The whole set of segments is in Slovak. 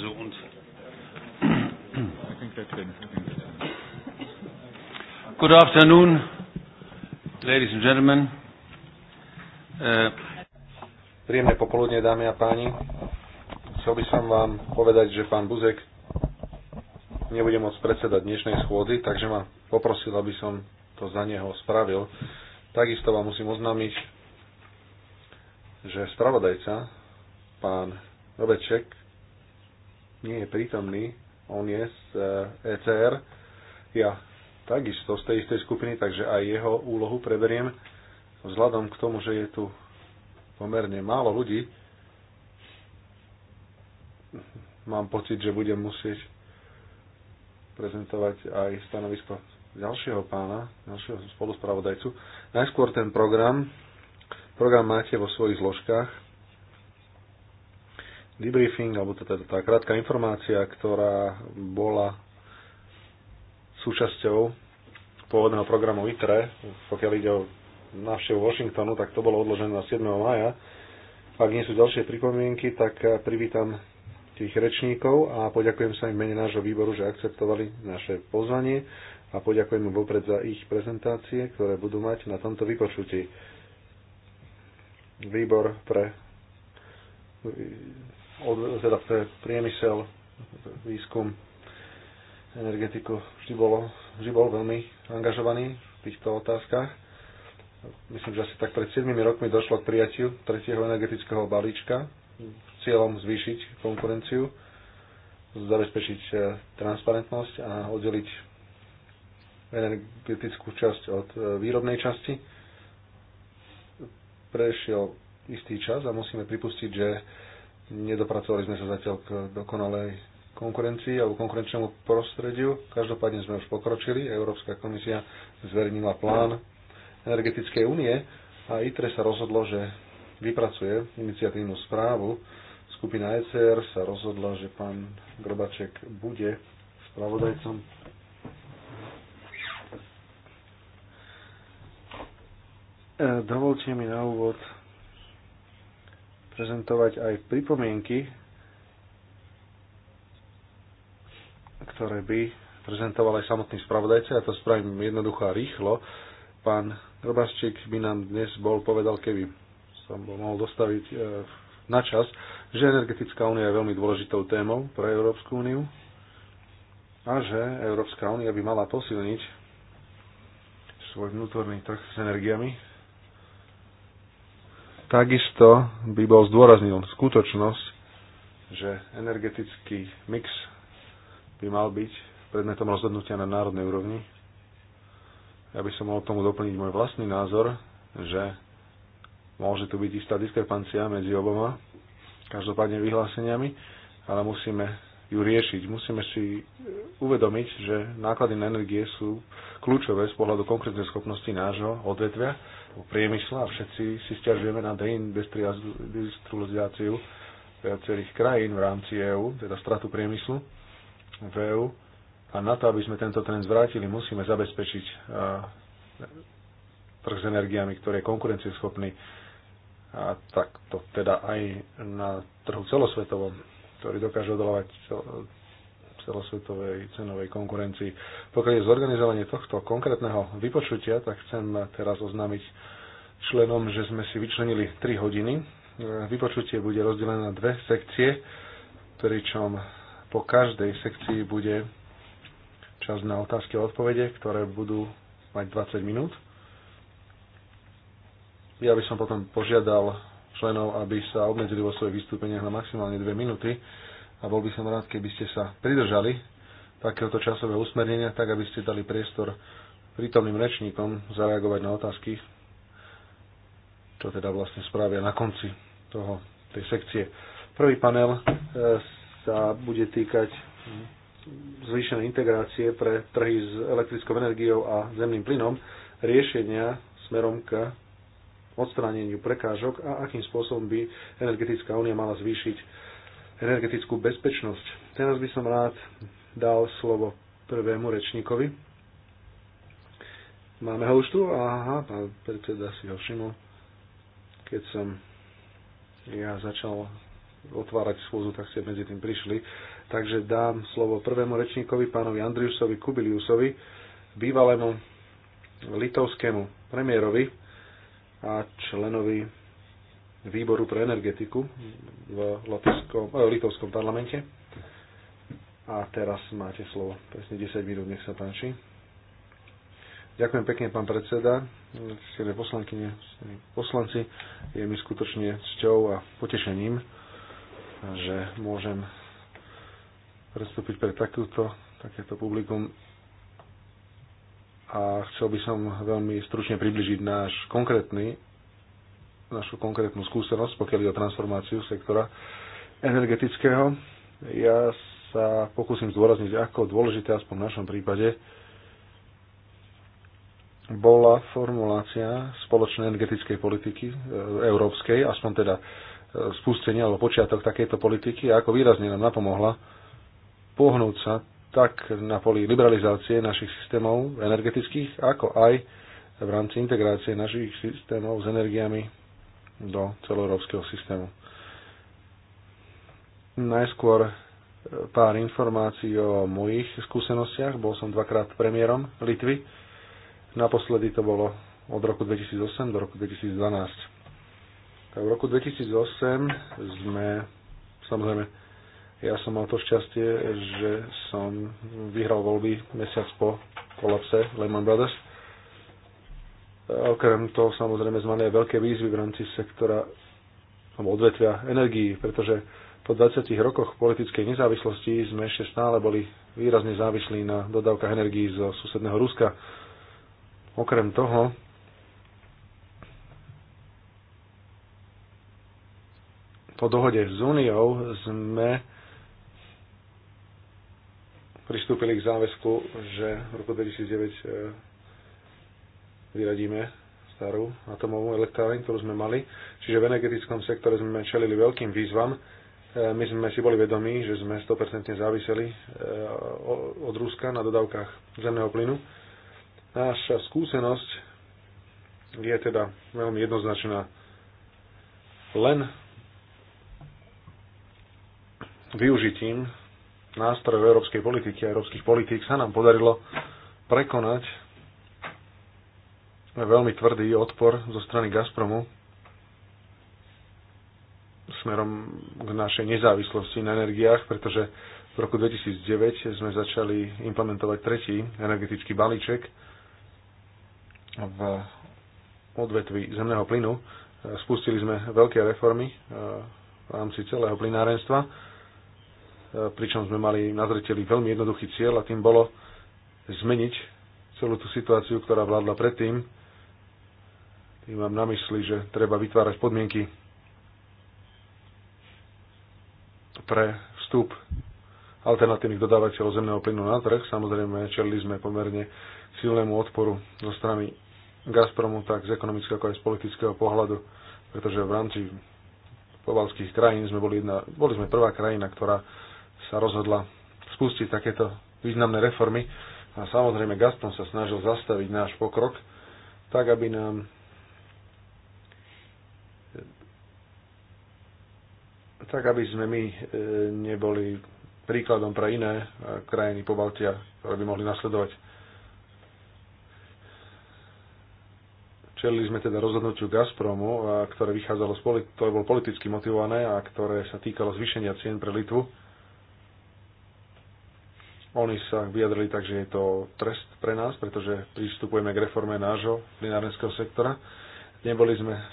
So und Good afternoon, ladies and gentlemen. Uh, Príjemné popoludne, dámy a páni. Chcel by som vám povedať, že pán Buzek nebude môcť predsedať dnešnej schôdy, takže ma poprosil, aby som to za neho spravil. Takisto vám musím oznámiť, že spravodajca, pán Robeček, nie je prítomný, on je z ECR, e ja takisto z tej istej skupiny, takže aj jeho úlohu preberiem. Vzhľadom k tomu, že je tu pomerne málo ľudí, mám pocit, že budem musieť prezentovať aj stanovisko ďalšieho pána, ďalšieho spoluspravodajcu. Najskôr ten program. Program máte vo svojich zložkách debriefing, alebo teda tá krátka informácia, ktorá bola súčasťou pôvodného programu ITRE, pokiaľ ide o návštevu Washingtonu, tak to bolo odložené na 7. maja. Ak nie sú ďalšie pripomienky, tak privítam tých rečníkov a poďakujem sa im mene nášho výboru, že akceptovali naše pozvanie a poďakujem im vopred za ich prezentácie, ktoré budú mať na tomto vypočutí. Výbor pre teda pre priemysel, výskum, energetiku vždy, bolo, vždy bol veľmi angažovaný v týchto otázkach. Myslím, že asi tak pred 7 rokmi došlo k prijatiu tretieho energetického balíčka s cieľom zvýšiť konkurenciu, zabezpečiť e, transparentnosť a oddeliť energetickú časť od e, výrobnej časti. Prešiel istý čas a musíme pripustiť, že Nedopracovali sme sa zatiaľ k dokonalej konkurencii alebo konkurenčnému prostrediu. Každopádne sme už pokročili. Európska komisia zverejnila plán energetickej únie a ITRE sa rozhodlo, že vypracuje iniciatívnu správu. Skupina ECR sa rozhodla, že pán Grobaček bude spravodajcom. E, dovolte mi na úvod prezentovať aj pripomienky, ktoré by prezentoval aj samotný spravodajca. Ja to spravím jednoducho a rýchlo. Pán Grobarčík by nám dnes bol povedal, keby som bol mohol dostaviť e, na čas, že energetická únia je veľmi dôležitou témou pre Európsku úniu a že Európska únia by mala posilniť svoj vnútorný trh s energiami, Takisto by bol zdôraznil skutočnosť, že energetický mix by mal byť predmetom rozhodnutia na národnej úrovni. Ja by som mohol tomu doplniť môj vlastný názor, že môže tu byť istá diskrepancia medzi oboma každopádne vyhláseniami, ale musíme ju riešiť. Musíme si uvedomiť, že náklady na energie sú kľúčové z pohľadu konkrétnej schopnosti nášho odvetvia priemysla a všetci si stiažujeme na deindustrializáciu viacerých krajín v rámci EÚ, teda stratu priemyslu v EÚ. A na to, aby sme tento trend zvrátili, musíme zabezpečiť trh s energiami, ktorý je konkurencieschopný a takto teda aj na trhu celosvetovom, ktorý dokáže odolávať celosvetovej cenovej konkurencii. Pokiaľ je zorganizovanie tohto konkrétneho vypočutia, tak chcem teraz oznámiť členom, že sme si vyčlenili 3 hodiny. Vypočutie bude rozdelené na dve sekcie, pričom po každej sekcii bude čas na otázky a odpovede, ktoré budú mať 20 minút. Ja by som potom požiadal členov, aby sa obmedzili vo svojich vystúpeniach na maximálne 2 minúty, a bol by som rád, keby ste sa pridržali takéhoto časového usmernenia, tak aby ste dali priestor prítomným rečníkom zareagovať na otázky, čo teda vlastne spravia na konci toho, tej sekcie. Prvý panel e, sa bude týkať zvýšenej integrácie pre trhy s elektrickou energiou a zemným plynom, riešenia smerom k odstráneniu prekážok a akým spôsobom by energetická únia mala zvýšiť energetickú bezpečnosť. Teraz by som rád dal slovo prvému rečníkovi. Máme ho už tu? Aha, pán predseda si ho všimol, keď som ja začal otvárať schôzu, tak ste medzi tým prišli. Takže dám slovo prvému rečníkovi, pánovi Andriusovi Kubiliusovi, bývalému litovskému premiérovi a členovi výboru pre energetiku v Latvskom, eh, Litovskom parlamente. A teraz máte slovo. Presne 10 minút, nech sa páči. Ďakujem pekne, pán predseda, silné poslankyne, poslanci. Je mi skutočne cťou a potešením, že môžem predstúpiť pre takúto, takéto publikum a chcel by som veľmi stručne približiť náš konkrétny našu konkrétnu skúsenosť, pokiaľ ide o transformáciu sektora energetického. Ja sa pokúsim zdôrazniť, ako dôležité, aspoň v našom prípade, bola formulácia spoločnej energetickej politiky e, európskej, aspoň teda e, spustenie alebo počiatok takejto politiky a ako výrazne nám napomohla pohnúť sa tak na poli liberalizácie našich systémov energetických, ako aj v rámci integrácie našich systémov s energiami do celoeurópskeho systému. Najskôr e, pár informácií o mojich skúsenostiach. Bol som dvakrát premiérom Litvy. Naposledy to bolo od roku 2008 do roku 2012. Tak v roku 2008 sme, samozrejme, ja som mal to šťastie, že som vyhral voľby mesiac po kolapse Lehman Brothers Okrem toho samozrejme zmané aj veľké výzvy v rámci sektora odvetvia energií, pretože po 20 rokoch politickej nezávislosti sme ešte stále boli výrazne závislí na dodávkach energií zo susedného Ruska. Okrem toho, po dohode s Úniou sme pristúpili k záväzku, že v roku 2009 eh, vyradíme starú atomovú elektráreň, ktorú sme mali. Čiže v energetickom sektore sme čelili veľkým výzvam. E, my sme si boli vedomí, že sme 100% záviseli e, od Ruska na dodávkach zemného plynu. Náša skúsenosť je teda veľmi jednoznačná. Len využitím nástrojov európskej politiky a európskych politík sa nám podarilo prekonať veľmi tvrdý odpor zo strany Gazpromu smerom k našej nezávislosti na energiách, pretože v roku 2009 sme začali implementovať tretí energetický balíček v odvetvi zemného plynu. Spustili sme veľké reformy eh, v rámci celého plynárenstva, eh, pričom sme mali na zreteli veľmi jednoduchý cieľ a tým bolo zmeniť celú tú situáciu, ktorá vládla predtým, tým mám na mysli, že treba vytvárať podmienky pre vstup alternatívnych dodávateľov zemného plynu na trh. Samozrejme, čelili sme pomerne silnému odporu zo strany Gazpromu, tak z ekonomického ako aj z politického pohľadu, pretože v rámci povalských krajín sme boli, jedna, boli sme prvá krajina, ktorá sa rozhodla spustiť takéto významné reformy a samozrejme Gazprom sa snažil zastaviť náš pokrok, tak aby nám tak aby sme my e, neboli príkladom pre iné e, krajiny po Baltia, ktoré by mohli nasledovať. Čelili sme teda rozhodnutiu Gazpromu, ktoré vychádzalo z politi- ktoré bol politicky motivované a ktoré sa týkalo zvýšenia cien pre Litvu. Oni sa vyjadrili tak, že je to trest pre nás, pretože pristupujeme k reforme nášho plinárenského sektora. Neboli sme e,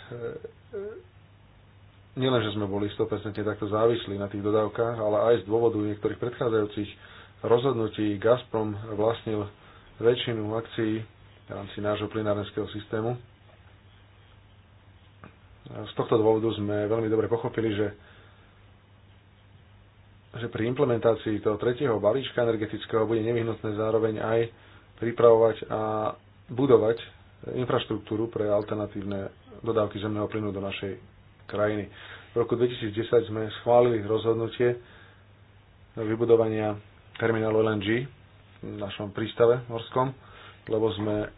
nielen, že sme boli 100% takto závislí na tých dodávkach, ale aj z dôvodu niektorých predchádzajúcich rozhodnutí Gazprom vlastnil väčšinu akcií v rámci nášho plinárenského systému. Z tohto dôvodu sme veľmi dobre pochopili, že že pri implementácii toho tretieho balíčka energetického bude nevyhnutné zároveň aj pripravovať a budovať infraštruktúru pre alternatívne dodávky zemného plynu do našej krajiny. V roku 2010 sme schválili rozhodnutie vybudovania terminálu LNG v našom prístave morskom, lebo sme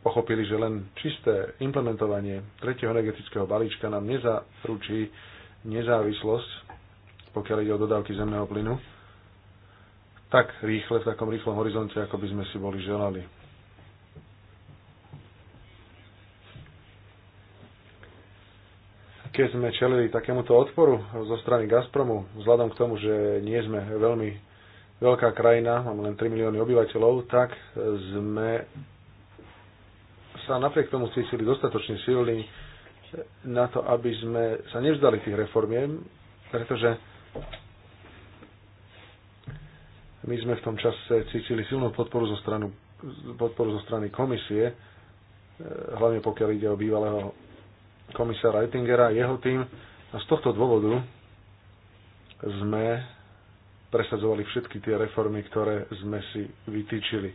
pochopili, že len čisté implementovanie tretieho energetického balíčka nám nezaručí nezávislosť, pokiaľ ide o dodávky zemného plynu, tak rýchle, v takom rýchlom horizonte, ako by sme si boli želali keď sme čelili takémuto odporu zo strany Gazpromu, vzhľadom k tomu, že nie sme veľmi veľká krajina, máme len 3 milióny obyvateľov, tak sme sa napriek tomu cítili dostatočne silní na to, aby sme sa nevzdali tých reformiem, pretože my sme v tom čase cítili silnú podporu zo, stranu, podporu zo strany komisie, eh, hlavne pokiaľ ide o bývalého komisára Ettingera a jeho tým. A z tohto dôvodu sme presadzovali všetky tie reformy, ktoré sme si vytýčili.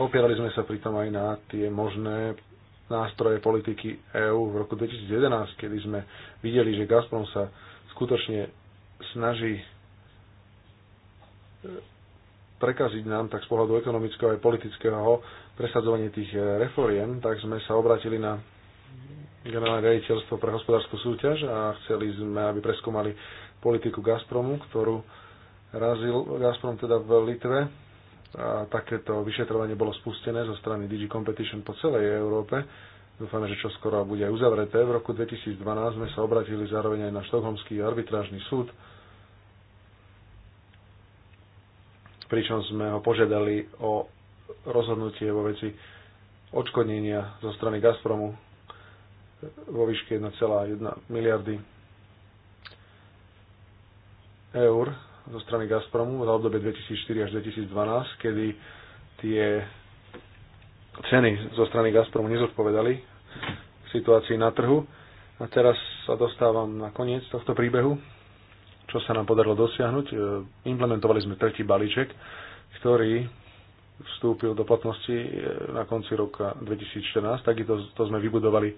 Opierali sme sa pritom aj na tie možné nástroje politiky EÚ v roku 2011, kedy sme videli, že Gazprom sa skutočne snaží prekaziť nám tak z pohľadu ekonomického aj politického presadzovanie tých eh, reforiem, tak sme sa obratili na generálne riaditeľstvo pre hospodárskú súťaž a chceli sme, aby preskúmali politiku Gazpromu, ktorú razil Gazprom teda v Litve. A takéto vyšetrovanie bolo spustené zo strany DG Competition po celej Európe. Dúfame, že čoskoro bude aj uzavreté. V roku 2012 sme sa obratili zároveň aj na Štokholmský arbitrážny súd, pričom sme ho požiadali o rozhodnutie vo veci odškodnenia zo strany Gazpromu vo výške 1,1 miliardy eur zo strany Gazpromu za obdobie 2004 až 2012, kedy tie ceny zo strany Gazpromu nezodpovedali situácii na trhu. A teraz sa dostávam na koniec tohto príbehu čo sa nám podarilo dosiahnuť. E, implementovali sme tretí balíček, ktorý vstúpil do platnosti e, na konci roka 2014. Takýto to sme vybudovali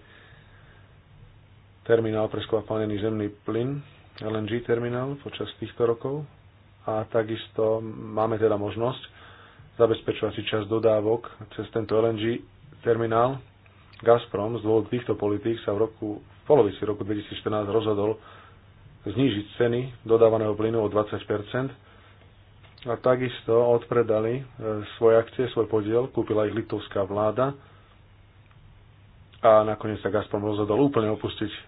terminál pre skvapalnený zemný plyn, LNG terminál počas týchto rokov a takisto máme teda možnosť zabezpečovať si čas dodávok cez tento LNG terminál. Gazprom z dôvodu týchto politík sa v roku v polovici roku 2014 rozhodol znížiť ceny dodávaného plynu o 20 a takisto odpredali e, svoje akcie, svoj podiel, kúpila ich litovská vláda a nakoniec sa Gazprom rozhodol úplne opustiť e,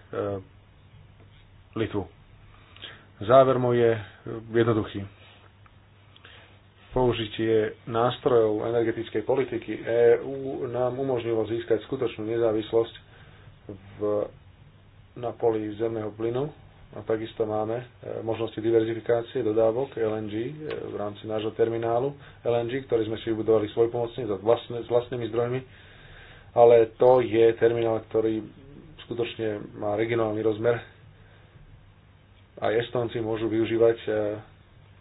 Litvu. Záver môj je e, jednoduchý. Použitie nástrojov energetickej politiky EÚ nám umožnilo získať skutočnú nezávislosť v, na poli zemného plynu a takisto máme e, možnosti diverzifikácie dodávok LNG e, v rámci nášho terminálu LNG, ktorý sme si vybudovali svoj vlastne, s vlastnými zdrojmi, ale to je terminál, ktorý skutočne má regionálny rozmer. A Estonci môžu využívať e,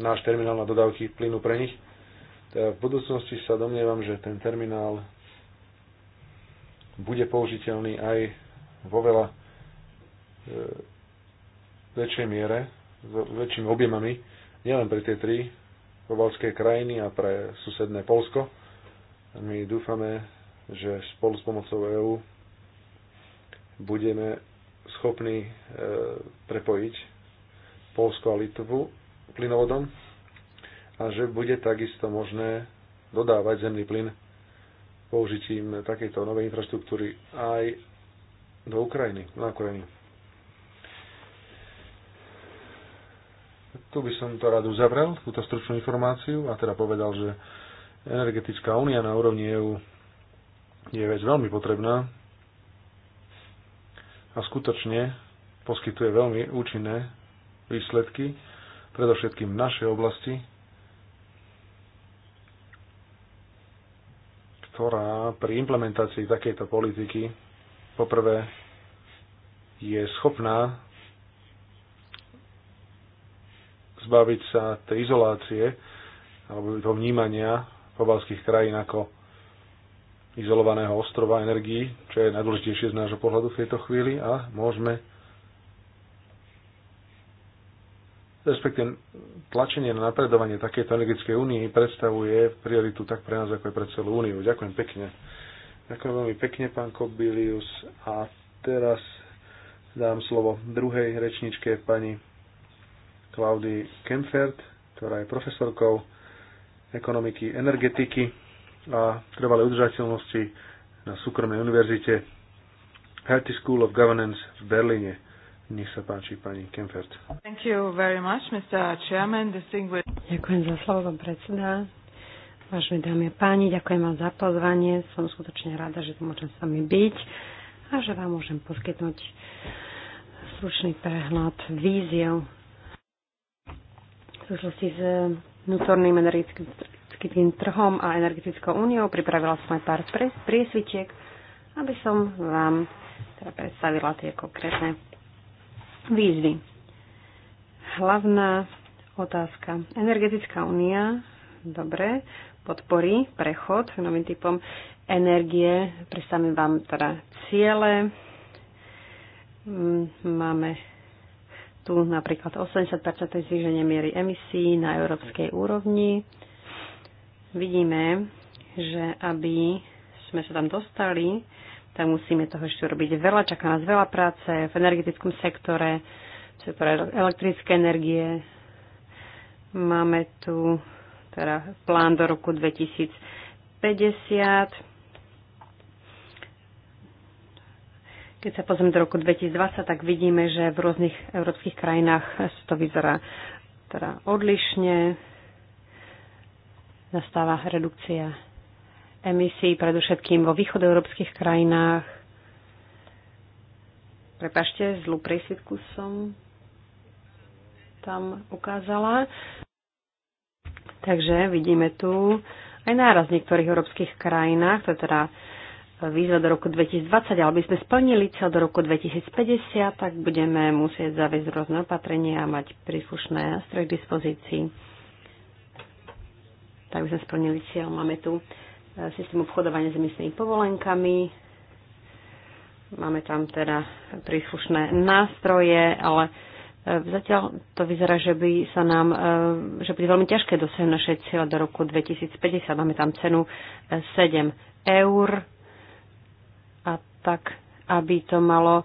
náš terminál na dodávky plynu pre nich. V budúcnosti sa domnievam, že ten terminál bude použiteľný aj vo veľa väčšej miere, s väčšími objemami, nielen pre tie tri pobalské krajiny a pre susedné Polsko. My dúfame, že spolu s pomocou EÚ budeme schopní e, prepojiť Polsko a Litvu plynovodom a že bude takisto možné dodávať zemný plyn použitím takejto novej infraštruktúry aj do Ukrajiny, na Ukrajinu. Tu by som to rád uzavrel, túto stručnú informáciu a teda povedal, že energetická únia na úrovni EÚ je vec veľmi potrebná a skutočne poskytuje veľmi účinné výsledky, predovšetkým v našej oblasti, ktorá pri implementácii takejto politiky poprvé je schopná zbaviť sa tej izolácie alebo toho vnímania pobalských krajín ako izolovaného ostrova energií, čo je najdôležitejšie z nášho pohľadu v tejto chvíli a môžeme respektíve tlačenie na napredovanie takéto energetickej únie predstavuje prioritu tak pre nás, ako aj pre celú úniu. Ďakujem pekne. Ďakujem veľmi pekne, pán Kobilius. A teraz dám slovo druhej rečničke, pani Klaudy Kempfert, ktorá je profesorkou ekonomiky, energetiky a trvalej udržateľnosti na súkromnej univerzite Hertie School of Governance v Berlíne. Nech sa páči, pani Kempfert. Thank you very much, Mr. Chairman. Distinguished... Ďakujem za slovo, pán predseda. Vážení dámy a páni, ďakujem vám za pozvanie. Som skutočne rada, že tu môžem s vami byť a že vám môžem poskytnúť slušný prehľad víziev súvislosti s vnútorným energetickým trhom a energetickou úniou. Pripravila som aj pár priesvičiek, aby som vám teda predstavila tie konkrétne výzvy. Hlavná otázka. Energetická únia, dobre, podporí prechod k novým typom energie. Predstavím vám teda ciele. Mm, máme tu napríklad 80% je zníženie miery emisí na európskej úrovni. Vidíme, že aby sme sa tam dostali, tak musíme toho ešte robiť veľa. Čaká nás veľa práce v energetickom sektore, v sektore elektrické energie. Máme tu teda plán do roku 2050 Keď sa pozrieme do roku 2020, tak vidíme, že v rôznych európskych krajinách to vyzerá teda odlišne. Nastáva redukcia emisí, predovšetkým vo východoeurópskych krajinách. Prepašte, zlú prísvitku som tam ukázala. Takže vidíme tu aj náraz v niektorých európskych krajinách, to je teda výzva do roku 2020, ale aby sme splnili cieľ do roku 2050, tak budeme musieť zaviesť rôzne opatrenia a mať príslušné nástroje k dispozícii. Tak by sme splnili cieľ. Máme tu e, systém obchodovania s emisnými povolenkami. Máme tam teda príslušné nástroje, ale e, zatiaľ to vyzerá, že by sa nám, e, že bude veľmi ťažké dosiahnuť naše cieľa do roku 2050. Máme tam cenu 7 eur tak aby to malo e,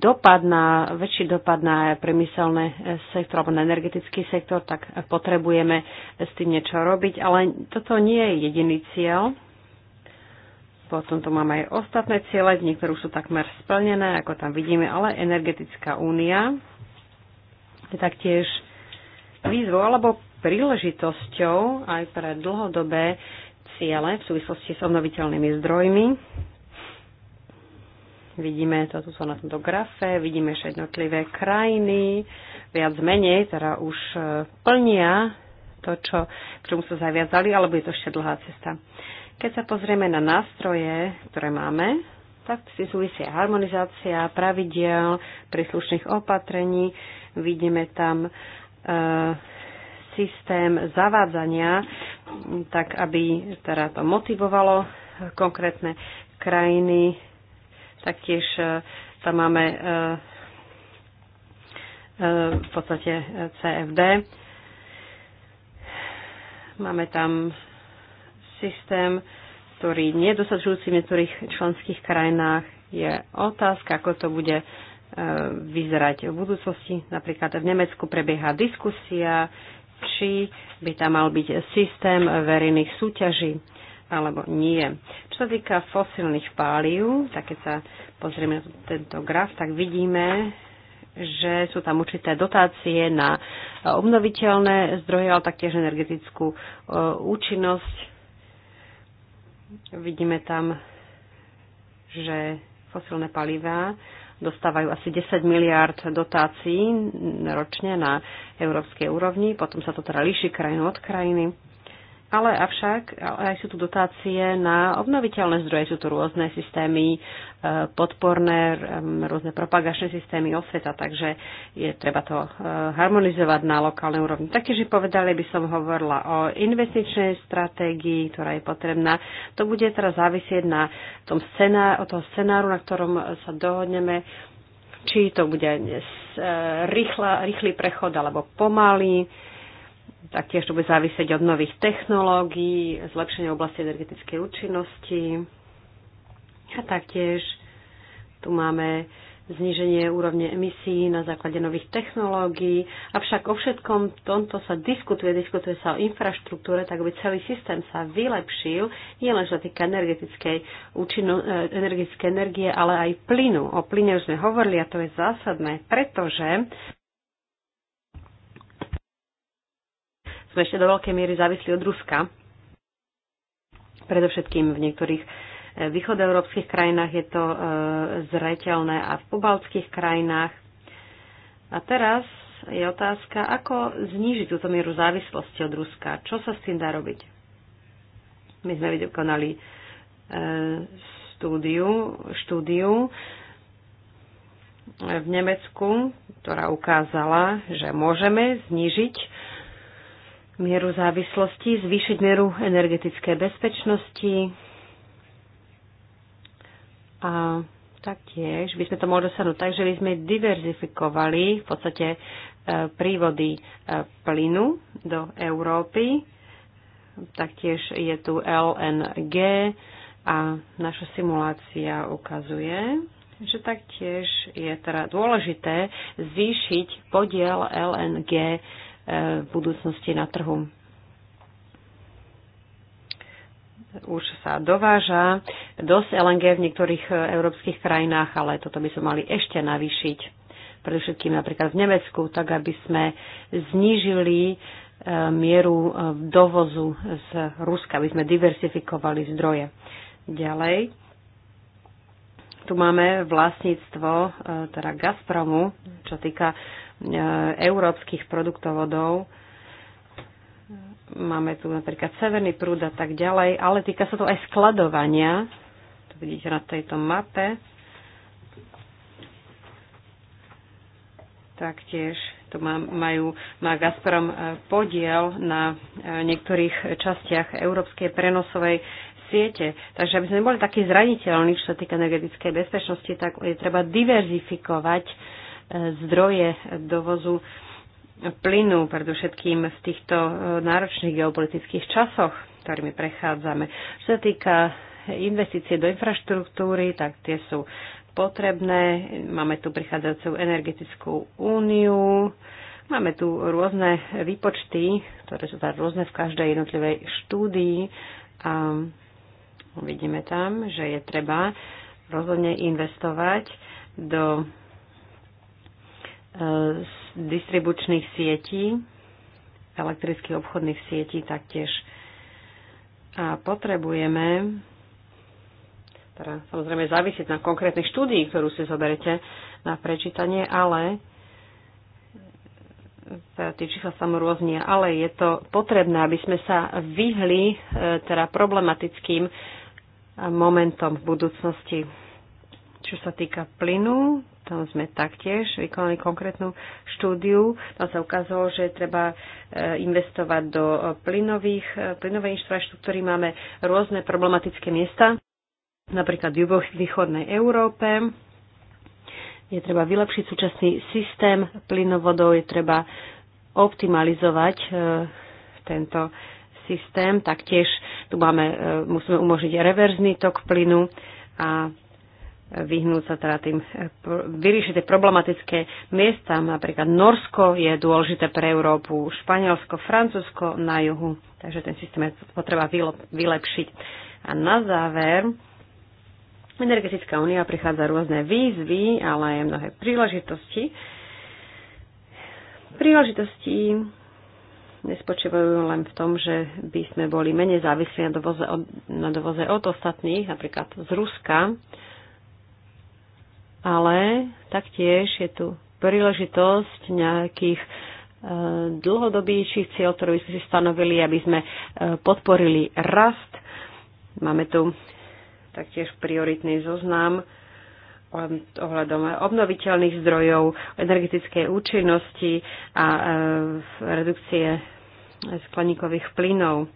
dopad na, väčší dopad na priemyselné e, sektor alebo na energetický sektor, tak potrebujeme s tým niečo robiť. Ale toto nie je jediný cieľ. Potom tu máme aj ostatné ciele, niektoré už sú takmer splnené, ako tam vidíme, ale energetická únia je taktiež výzvou alebo príležitosťou aj pre dlhodobé ciele v súvislosti s obnoviteľnými zdrojmi Vidíme toto sú na tomto grafe, vidíme, že jednotlivé krajiny viac menej teda už e, plnia to, čo, k čomu sa zaviazali, alebo je to ešte dlhá cesta. Keď sa pozrieme na nástroje, ktoré máme, tak si súvisia harmonizácia pravidiel, príslušných opatrení. Vidíme tam e, systém zavádzania, tak aby teda to motivovalo konkrétne krajiny Taktiež e, tam máme e, e, v podstate CFD. Máme tam systém, ktorý nie je v niektorých členských krajinách. Je otázka, ako to bude vyzerať v budúcnosti. Napríklad v Nemecku prebieha diskusia, či by tam mal byť systém verejných súťaží alebo nie. Čo sa týka fosilných páliv, tak keď sa pozrieme na tento graf, tak vidíme, že sú tam určité dotácie na e, obnoviteľné zdroje, ale taktiež energetickú e, účinnosť. Vidíme tam, že fosilné palivá dostávajú asi 10 miliárd dotácií ročne na európskej úrovni, potom sa to teda líši krajinu od krajiny. Ale avšak aj sú tu dotácie na obnoviteľné zdroje, sú tu rôzne systémy e, podporné, rôzne propagačné systémy osveta, takže je treba to e, harmonizovať na lokálnej úrovni. Taktiež povedali by som hovorila o investičnej stratégii, ktorá je potrebná. To bude teraz závisieť na tom scenáru, o toho scenáru, na ktorom sa dohodneme, či to bude e, rýchla, rýchly prechod alebo pomalý Taktiež to bude závisieť od nových technológií, zlepšenia oblasti energetickej účinnosti. A taktiež tu máme zníženie úrovne emisí na základe nových technológií. Avšak o všetkom tomto sa diskutuje, diskutuje sa o infraštruktúre, tak aby celý systém sa vylepšil, nie len za sa týka energetickej, e, energetické energie, ale aj plynu. O plyne už sme hovorili a to je zásadné, pretože sme ešte do veľkej miery závislí od Ruska. Predovšetkým v niektorých e, východoeurópskych krajinách je to e, zreteľné a v pobaltských krajinách. A teraz je otázka, ako znížiť túto mieru závislosti od Ruska. Čo sa s tým dá robiť? My sme vykonali e, štúdiu, štúdiu e, v Nemecku, ktorá ukázala, že môžeme znížiť mieru závislosti, zvýšiť mieru energetickej bezpečnosti a taktiež by sme to mohli dosiahnuť tak, že by sme diverzifikovali v podstate e, prívody e, plynu do Európy. Taktiež je tu LNG a naša simulácia ukazuje, že taktiež je teda dôležité zvýšiť podiel LNG v budúcnosti na trhu. Už sa dováža dosť LNG v niektorých e, európskych krajinách, ale toto by sme mali ešte navýšiť, predovšetkým napríklad v Nemecku, tak aby sme znížili e, mieru e, dovozu z Ruska, aby sme diversifikovali zdroje. Ďalej tu máme vlastníctvo e, teda Gazpromu, čo týka e, európskych produktovodov. Máme tu napríklad Severný prúd a tak ďalej, ale týka sa to aj skladovania. To vidíte na tejto mape. Taktiež tu majú, má Gazprom e, podiel na niektorých častiach európskej prenosovej siete. Takže aby sme boli takí zraniteľní, čo sa týka energetickej bezpečnosti, tak je treba diverzifikovať e, zdroje dovozu plynu, predovšetkým v týchto e, náročných geopolitických časoch, ktorými prechádzame. Čo sa týka investície do infraštruktúry, tak tie sú potrebné. Máme tu prichádzajúcu energetickú úniu, máme tu rôzne výpočty, ktoré sú tam rôzne v každej jednotlivej štúdii. A Vidíme tam, že je treba rozhodne investovať do e, distribučných sietí, elektrických obchodných sietí taktiež. A potrebujeme, teda samozrejme závisieť na konkrétnych štúdií, ktorú si zoberete na prečítanie, ale teda tie čísla sa rôznia, ale je to potrebné, aby sme sa vyhli e, teda problematickým momentom v budúcnosti. Čo sa týka plynu, tam sme taktiež vykonali konkrétnu štúdiu. Tam sa ukázalo, že treba e, investovať do e, plynových, e, plynovej infraštruktúry. Máme rôzne problematické miesta, napríklad v východnej Európe. Je treba vylepšiť súčasný systém plynovodov, je treba optimalizovať tento systém, taktiež tu máme, e, musíme umožniť reverzný tok plynu a vyhnúť sa teda tým, e, vyriešiť tie problematické miesta. Napríklad Norsko je dôležité pre Európu, Španielsko, Francúzsko na juhu, takže ten systém je potreba vylepšiť. A na záver, Energetická únia prichádza rôzne výzvy, ale aj mnohé príležitosti. Príležitosti nespočívajú len v tom, že by sme boli menej závislí na dovoze od, na dovoze od ostatných, napríklad z Ruska, ale taktiež je tu príležitosť nejakých e, dlhodobýších cieľ, ktoré by sme si stanovili, aby sme e, podporili rast. Máme tu taktiež prioritný zoznam ohľadom obnoviteľných zdrojov, energetickej účinnosti a e, redukcie skleníkových plynov.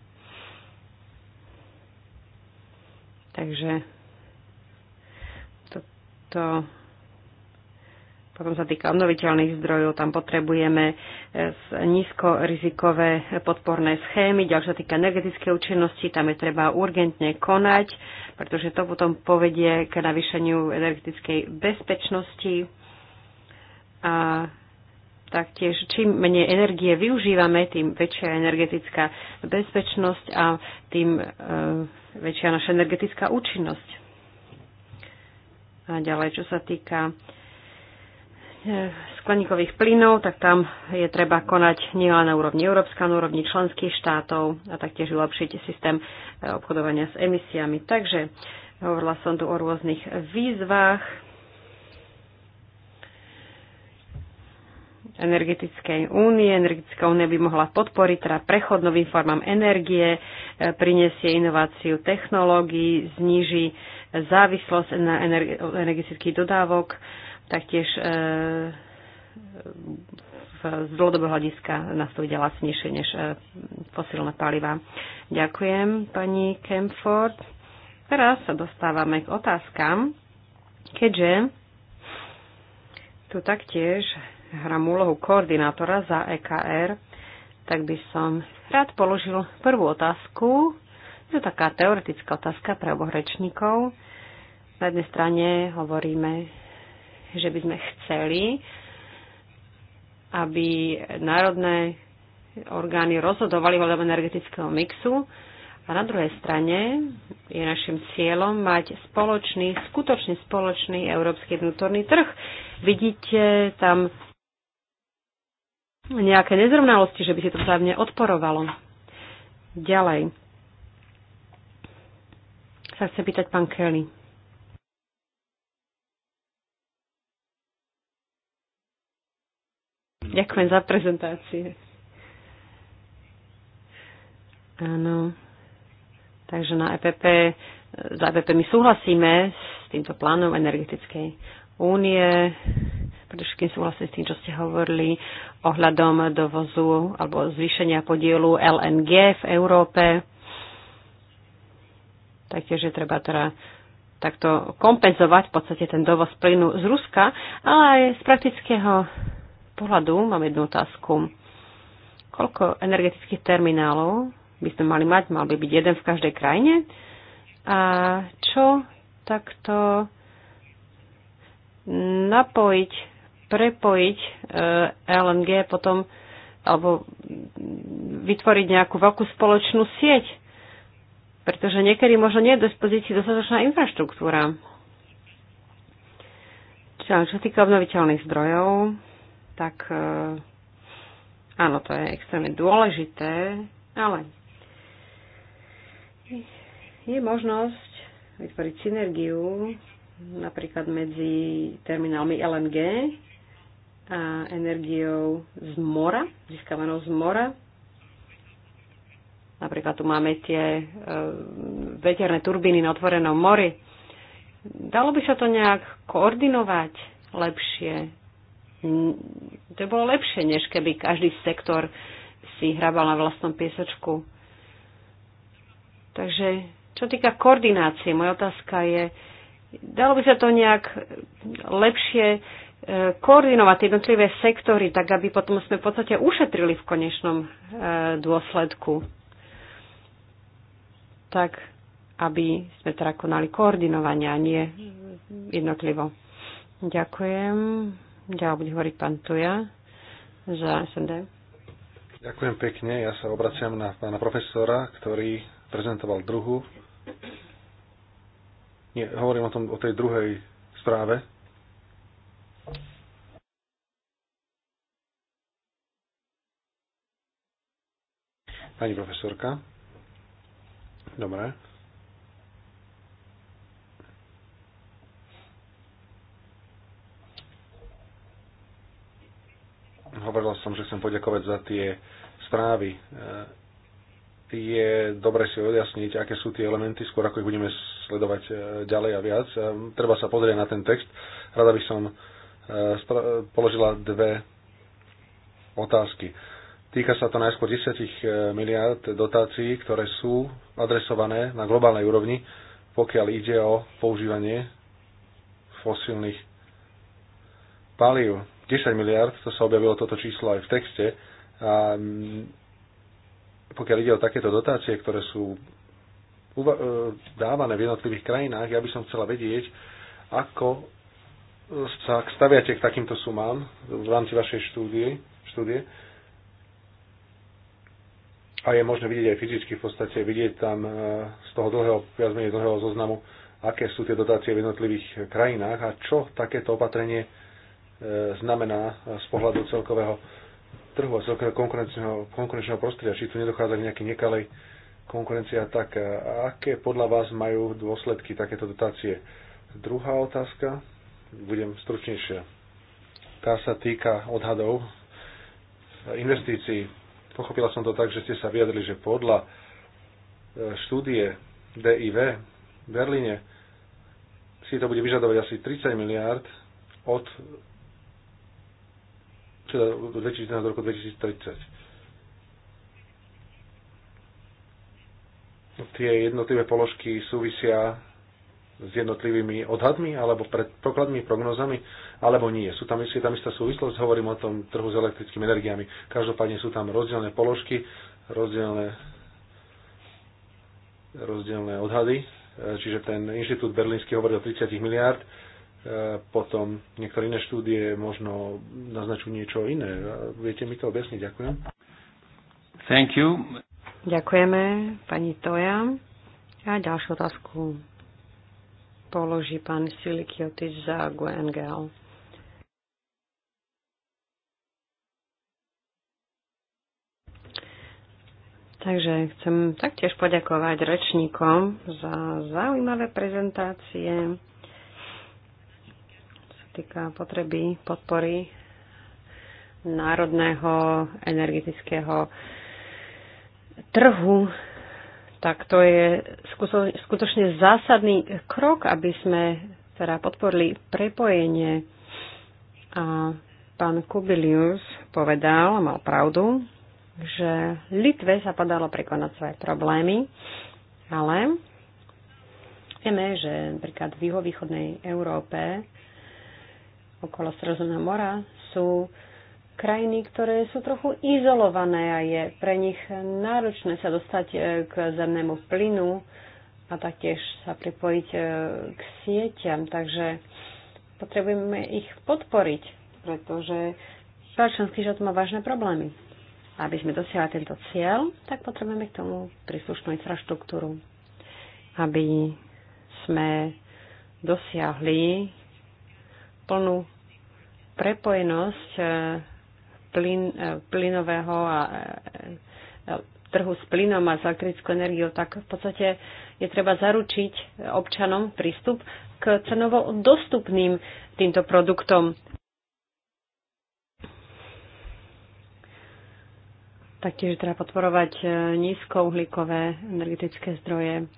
Takže toto potom sa týka obnoviteľných zdrojov, tam potrebujeme e, nízkorizikové podporné schémy. Ďalšia týka energetické účinnosti, tam je treba urgentne konať, pretože to potom povedie k navýšeniu energetickej bezpečnosti. A taktiež čím menej energie využívame, tým väčšia energetická bezpečnosť a tým e, väčšia naša energetická účinnosť. A ďalej, čo sa týka e, skleníkových plynov, tak tam je treba konať nielen na úrovni európska, na úrovni členských štátov a taktiež vylepšiť systém e, obchodovania s emisiami. Takže hovorila som tu o rôznych výzvach energetickej únie. Energetická únia by mohla podporiť teda prechod novým formám energie, e, prinesie inováciu technológií, zniží závislosť na energetických dodávok taktiež e, z dlhodobého hľadiska nás to lacnejšie než e, fosílne paliva. Ďakujem pani Kemford. Teraz sa dostávame k otázkam, keďže tu taktiež hram úlohu koordinátora za EKR, tak by som rád položil prvú otázku. Je to taká teoretická otázka pre oboch rečníkov. Na jednej strane hovoríme že by sme chceli, aby národné orgány rozhodovali hľadom energetického mixu. A na druhej strane je našim cieľom mať spoločný, skutočne spoločný európsky vnútorný trh. Vidíte tam nejaké nezrovnalosti, že by si to vzájomne odporovalo. Ďalej sa chce pýtať pán Kelly. Ďakujem za prezentácie. Áno. Takže na EPP, za EPP my súhlasíme s týmto plánom energetickej únie. Predovšetkým súhlasím s tým, čo ste hovorili ohľadom dovozu alebo zvýšenia podielu LNG v Európe. Taktiež je treba teda takto kompenzovať v podstate ten dovoz plynu z Ruska, ale aj z praktického pohľadu mám jednu otázku. Koľko energetických terminálov by sme mali mať? Mal by byť jeden v každej krajine? A čo takto napojiť, prepojiť e, LNG potom alebo vytvoriť nejakú veľkú spoločnú sieť, pretože niekedy možno nie je do dispozícii dostatočná infraštruktúra. Čo sa týka obnoviteľných zdrojov, tak e, áno, to je extrémne dôležité, ale je možnosť vytvoriť synergiu napríklad medzi terminálmi LNG a energiou z mora, získavanou z mora. Napríklad tu máme tie e, veterné turbíny na otvorenom mori. Dalo by sa to nejak koordinovať lepšie, to bolo lepšie, než keby každý sektor si hrabal na vlastnom piesočku. Takže čo týka koordinácie, moja otázka je, dalo by sa to nejak lepšie e, koordinovať jednotlivé sektory, tak aby potom sme v podstate ušetrili v konečnom e, dôsledku. Tak, aby sme teda konali koordinovania, nie jednotlivo. Ďakujem. Ja bude hovoriť pán Tuja za SND. Ďakujem pekne. Ja sa obraciam na pána profesora, ktorý prezentoval druhú. Nie, hovorím o, tom, o tej druhej správe. Pani profesorka. Dobre. hovoril som, že chcem poďakovať za tie správy. Je dobre si odjasniť, aké sú tie elementy, skôr ako ich budeme sledovať e, ďalej a viac. E, treba sa pozrieť na ten text. Rada by som e, položila dve otázky. Týka sa to najskôr 10 miliard dotácií, ktoré sú adresované na globálnej úrovni, pokiaľ ide o používanie fosílnych palív 10 miliard, to sa objavilo toto číslo aj v texte. A pokiaľ ide o takéto dotácie, ktoré sú e, dávané v jednotlivých krajinách, ja by som chcela vedieť, ako sa staviate k takýmto sumám v rámci vašej štúdie, štúdie. A je možné vidieť aj fyzicky v podstate, vidieť tam e, z toho dlhého, viac menej dlhého zoznamu, aké sú tie dotácie v jednotlivých krajinách a čo takéto opatrenie znamená z pohľadu celkového trhu a celkového konkurenčného, konkurenčného prostredia, či tu nedochádza k nejakej nekalej konkurencia, tak aké podľa vás majú dôsledky takéto dotácie? Druhá otázka, budem stručnejšia. Tá sa týka odhadov investícií. Pochopila som to tak, že ste sa vyjadrili, že podľa e, štúdie DIV v Berlíne si to bude vyžadovať asi 30 miliárd od teda do 2011 do roku 2030. Tie jednotlivé položky súvisia s jednotlivými odhadmi alebo predpokladmi, prognozami, alebo nie. Sú tam, je tam istá súvislosť, hovorím o tom trhu s elektrickými energiami. Každopádne sú tam rozdielne položky, rozdielne, rozdielne odhady, čiže ten inštitút berlínsky hovorí o 30 miliárd, potom niektoré iné štúdie možno naznačujú niečo iné. Viete mi to objasniť? Ďakujem. Thank you. Ďakujeme, pani Toja. A ďalšiu otázku položí pán Silikiotis za GNGL. Takže chcem taktiež poďakovať rečníkom za zaujímavé prezentácie týka potreby podpory národného energetického trhu, tak to je skutočne zásadný krok, aby sme teda podporili prepojenie. A pán Kubilius povedal, mal pravdu, že Litve sa podalo prekonať svoje problémy, ale vieme, že napríklad v juhovýchodnej Európe okolo Stredozemného mora sú krajiny, ktoré sú trochu izolované a je pre nich náročné sa dostať e, k zemnému plynu a taktiež sa pripojiť e, k sieťam. Takže potrebujeme ich podporiť, pretože členský štát má vážne problémy. Aby sme dosiahli tento cieľ, tak potrebujeme k tomu príslušnú infraštruktúru, aby sme dosiahli plnú prepojenosť e, plyn, e, plynového a e, trhu s plynom a s elektrickou energiou, tak v podstate je treba zaručiť občanom prístup k cenovo dostupným týmto produktom. Taktiež treba podporovať nízkouhlíkové energetické zdroje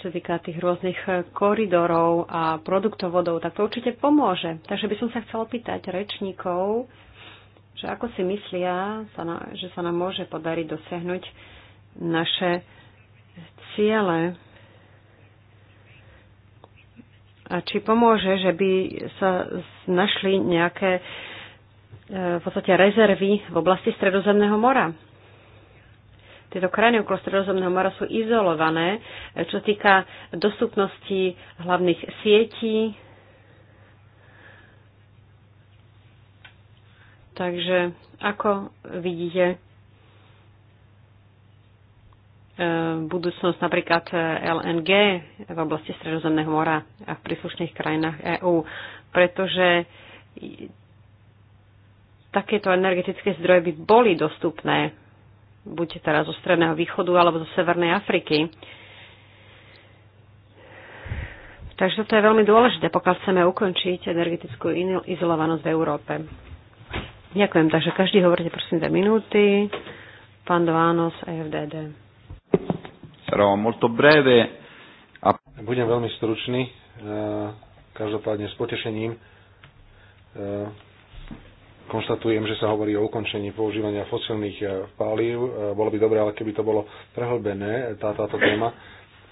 čo týka tých rôznych eh, koridorov a produktovodov, tak to určite pomôže. Takže by som sa chcela pýtať rečníkov, že ako si myslia, že sa nám môže podariť dosiahnuť naše ciele a či pomôže, že by sa našli nejaké eh, v podstate rezervy v oblasti Stredozemného mora tieto krajiny okolo Stredozemného mora sú izolované, e, čo týka dostupnosti hlavných sietí. Takže ako vidíte e, budúcnosť napríklad e, LNG v oblasti Stredozemného mora a v príslušných krajinách EÚ, pretože takéto energetické zdroje by boli dostupné buď teraz zo Stredného východu alebo zo Severnej Afriky. Takže toto je veľmi dôležité, pokiaľ chceme ukončiť energetickú izolovanosť v Európe. Ďakujem, takže každý hovorte prosím dve minúty. Pán Dovános, EFDD. Budem veľmi stručný. Eh, každopádne s potešením eh, konštatujem, že sa hovorí o ukončení používania fosilných e, palív. E, bolo by dobré, ale keby to bolo prehlbené, tá, táto téma,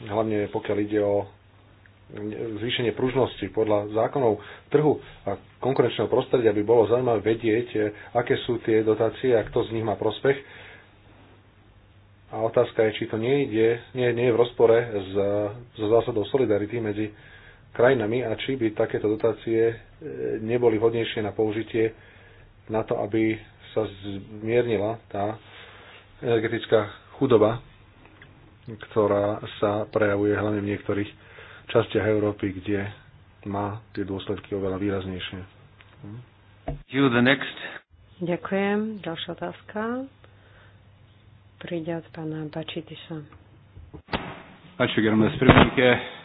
hlavne pokiaľ ide o zvýšenie pružnosti podľa zákonov trhu a konkurenčného prostredia by bolo zaujímavé vedieť, e, aké sú tie dotácie a kto z nich má prospech. A otázka je, či to nie, ide, nie, nie je v rozpore s, so zásadou solidarity medzi krajinami a či by takéto dotácie neboli hodnejšie na použitie na to, aby sa zmiernila tá energetická chudoba, ktorá sa prejavuje hlavne v niektorých častiach Európy, kde má tie dôsledky oveľa výraznejšie. Hm? You the next. Ďakujem. Ďalšia otázka. Príde od pána Bačitiša. Ačiū, gerbiamas pirmininkė.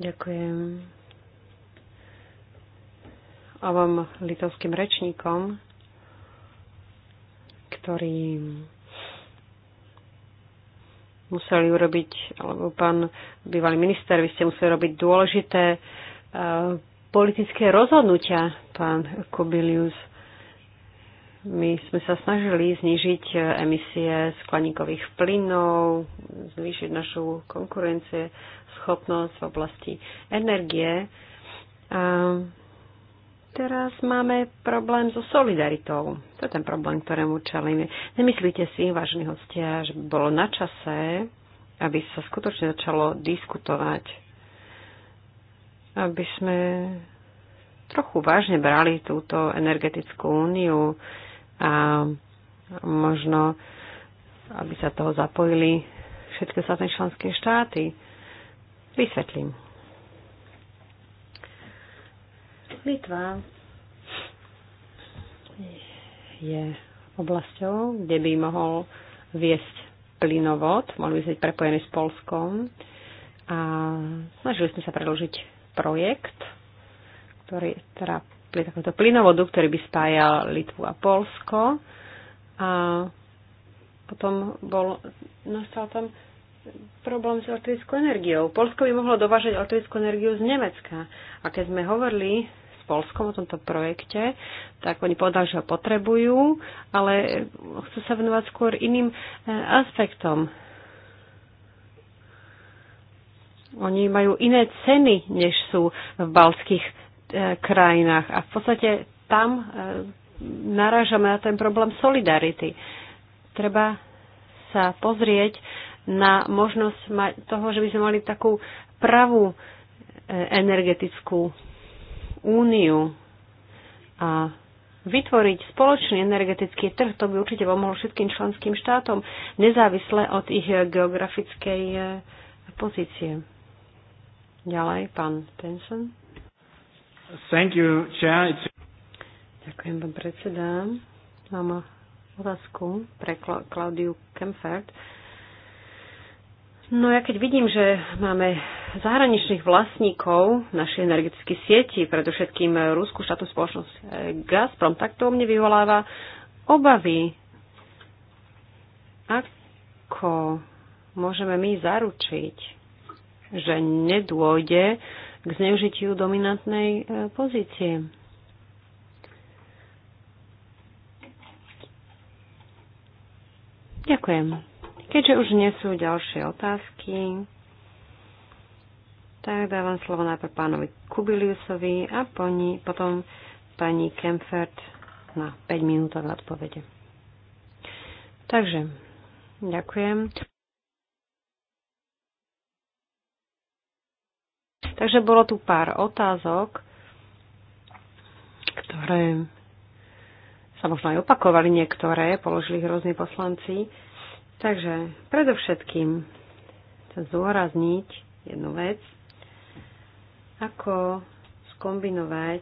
Ďakujem. A vám litovským rečníkom, ktorí museli urobiť, alebo pán bývalý minister, vy ste museli robiť dôležité eh, politické rozhodnutia, pán Kubilius. My sme sa snažili znižiť emisie skleníkových plynov, zvýšiť našu konkurencie, schopnosť v oblasti energie. A teraz máme problém so solidaritou. To je ten problém, ktorému čelíme. Nemyslíte si, vážni hostia, že by bolo na čase, aby sa skutočne začalo diskutovať, aby sme trochu vážne brali túto energetickú úniu, a možno, aby sa toho zapojili všetky ostatné členské štáty. Vysvetlím. Litva je oblasťou, kde by mohol viesť plynovod, mohli by byť prepojený s Polskom a snažili sme sa predložiť projekt, ktorý teda takomto plynovodu, ktorý by spájal Litvu a Polsko. A potom bol, nastal tam problém s elektrickou energiou. Polsko by mohlo dovážať elektrickú energiu z Nemecka. A keď sme hovorili s Polskom o tomto projekte, tak oni povedali, že ho potrebujú, ale chcú sa venovať skôr iným e, aspektom. Oni majú iné ceny, než sú v balských E, krajinách. A v podstate tam e, narážame na ten problém solidarity. Treba sa pozrieť na možnosť toho, že by sme mali takú pravú e, energetickú úniu a vytvoriť spoločný energetický trh, to by určite pomohlo všetkým členským štátom, nezávisle od ich geografickej pozície. Ďalej, pán Penson. Thank you, Chair. It's... Ďakujem, pán predseda. Mám otázku pre Klaudiu Kempfert. No ja keď vidím, že máme zahraničných vlastníkov našej energetickej sieti, predovšetkým rúskú štátnu spoločnosť eh, Gazprom, tak to mne vyvoláva obavy. Ako môžeme my zaručiť, že nedôjde k zneužitiu dominantnej e, pozície. Ďakujem. Keďže už nie sú ďalšie otázky, tak dávam slovo najprv pánovi Kubiliusovi a po ní, potom pani Kemfert na 5 minútové odpovede. Takže, ďakujem. Takže bolo tu pár otázok, ktoré sa možno aj opakovali niektoré, položili ich rôzni poslanci. Takže predovšetkým chcem zdôrazniť jednu vec, ako skombinovať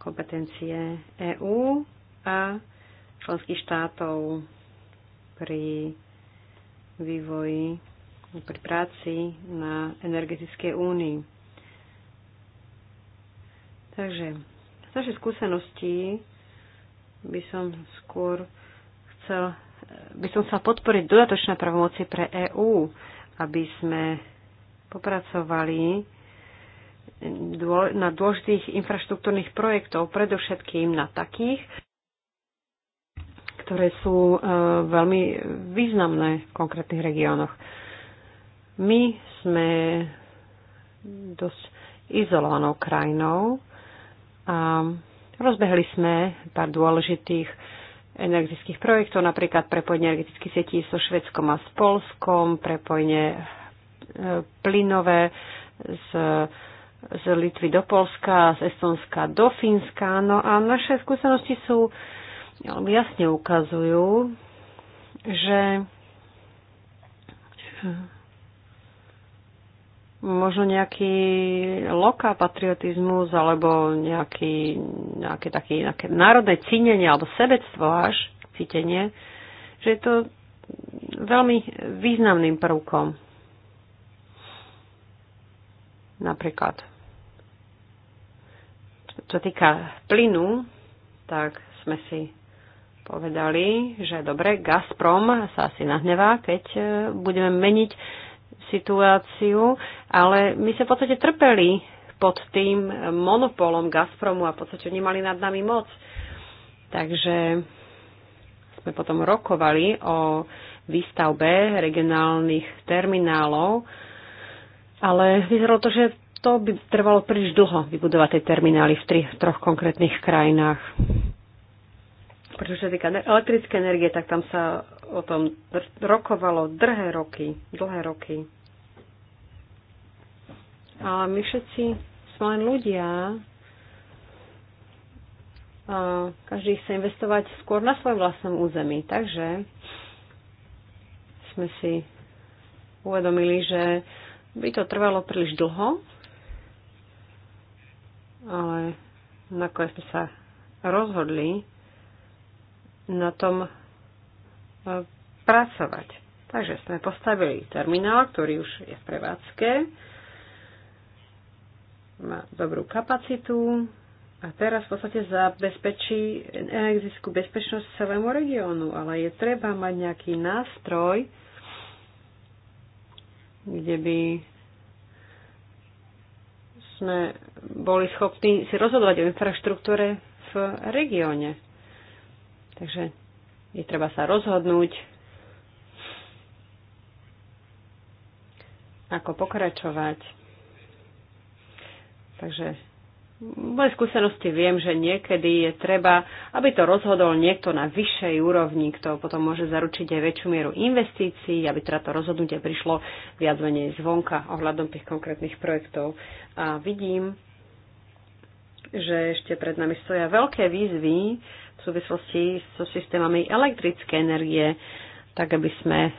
kompetencie EÚ a členských štátov pri vývoji pri práci na energetickej únii. Takže z našej skúsenosti by som skôr chcel, by som chcel podporiť dodatočné pravomoci pre EÚ, aby sme popracovali na dôležitých infraštruktúrnych projektov, predovšetkým na takých, ktoré sú e, veľmi významné v konkrétnych regiónoch. My sme dosť izolovanou krajinou a rozbehli sme pár dôležitých energetických projektov, napríklad prepojenie energetických sietí so Švedskom a s Polskom, prepojenie e, plynové z, z Litvy do Polska, z Estonska do Fínska. No a naše skúsenosti sú jasne ukazujú, že možno nejaký loká patriotizmus alebo nejaký, nejaké také nejaké národné cínenie alebo sebectvo až, cítenie, že je to veľmi významným prvkom. Napríklad, čo týka plynu, tak sme si povedali, že dobre, Gazprom sa asi nahnevá, keď e, budeme meniť situáciu, ale my sme v podstate trpeli pod tým monopolom Gazpromu a v podstate nemali nad nami moc. Takže sme potom rokovali o výstavbe regionálnych terminálov, ale vyzeralo to, že to by trvalo príliš dlho vybudovať tie terminály v tri, troch konkrétnych krajinách. Pretože sa týka elektrické energie, tak tam sa o tom rokovalo drhé roky, dlhé roky. Ale my všetci sme len ľudia. A každý chce investovať skôr na svojom vlastnom území. Takže sme si uvedomili, že by to trvalo príliš dlho, ale nakoniec sme sa rozhodli, na tom e, pracovať. Takže sme postavili terminál, ktorý už je v prevádzke. Má dobrú kapacitu a teraz v podstate zabezpečí energetickú bezpečnosť celému regiónu, ale je treba mať nejaký nástroj, kde by sme boli schopní si rozhodovať o infraštruktúre v regióne. Takže je treba sa rozhodnúť, ako pokračovať. Takže v mojej skúsenosti viem, že niekedy je treba, aby to rozhodol niekto na vyššej úrovni, kto potom môže zaručiť aj väčšiu mieru investícií, aby teda to rozhodnutie prišlo viac menej zvonka ohľadom tých konkrétnych projektov. A vidím, že ešte pred nami stoja veľké výzvy, v súvislosti so systémami elektrické energie, tak aby sme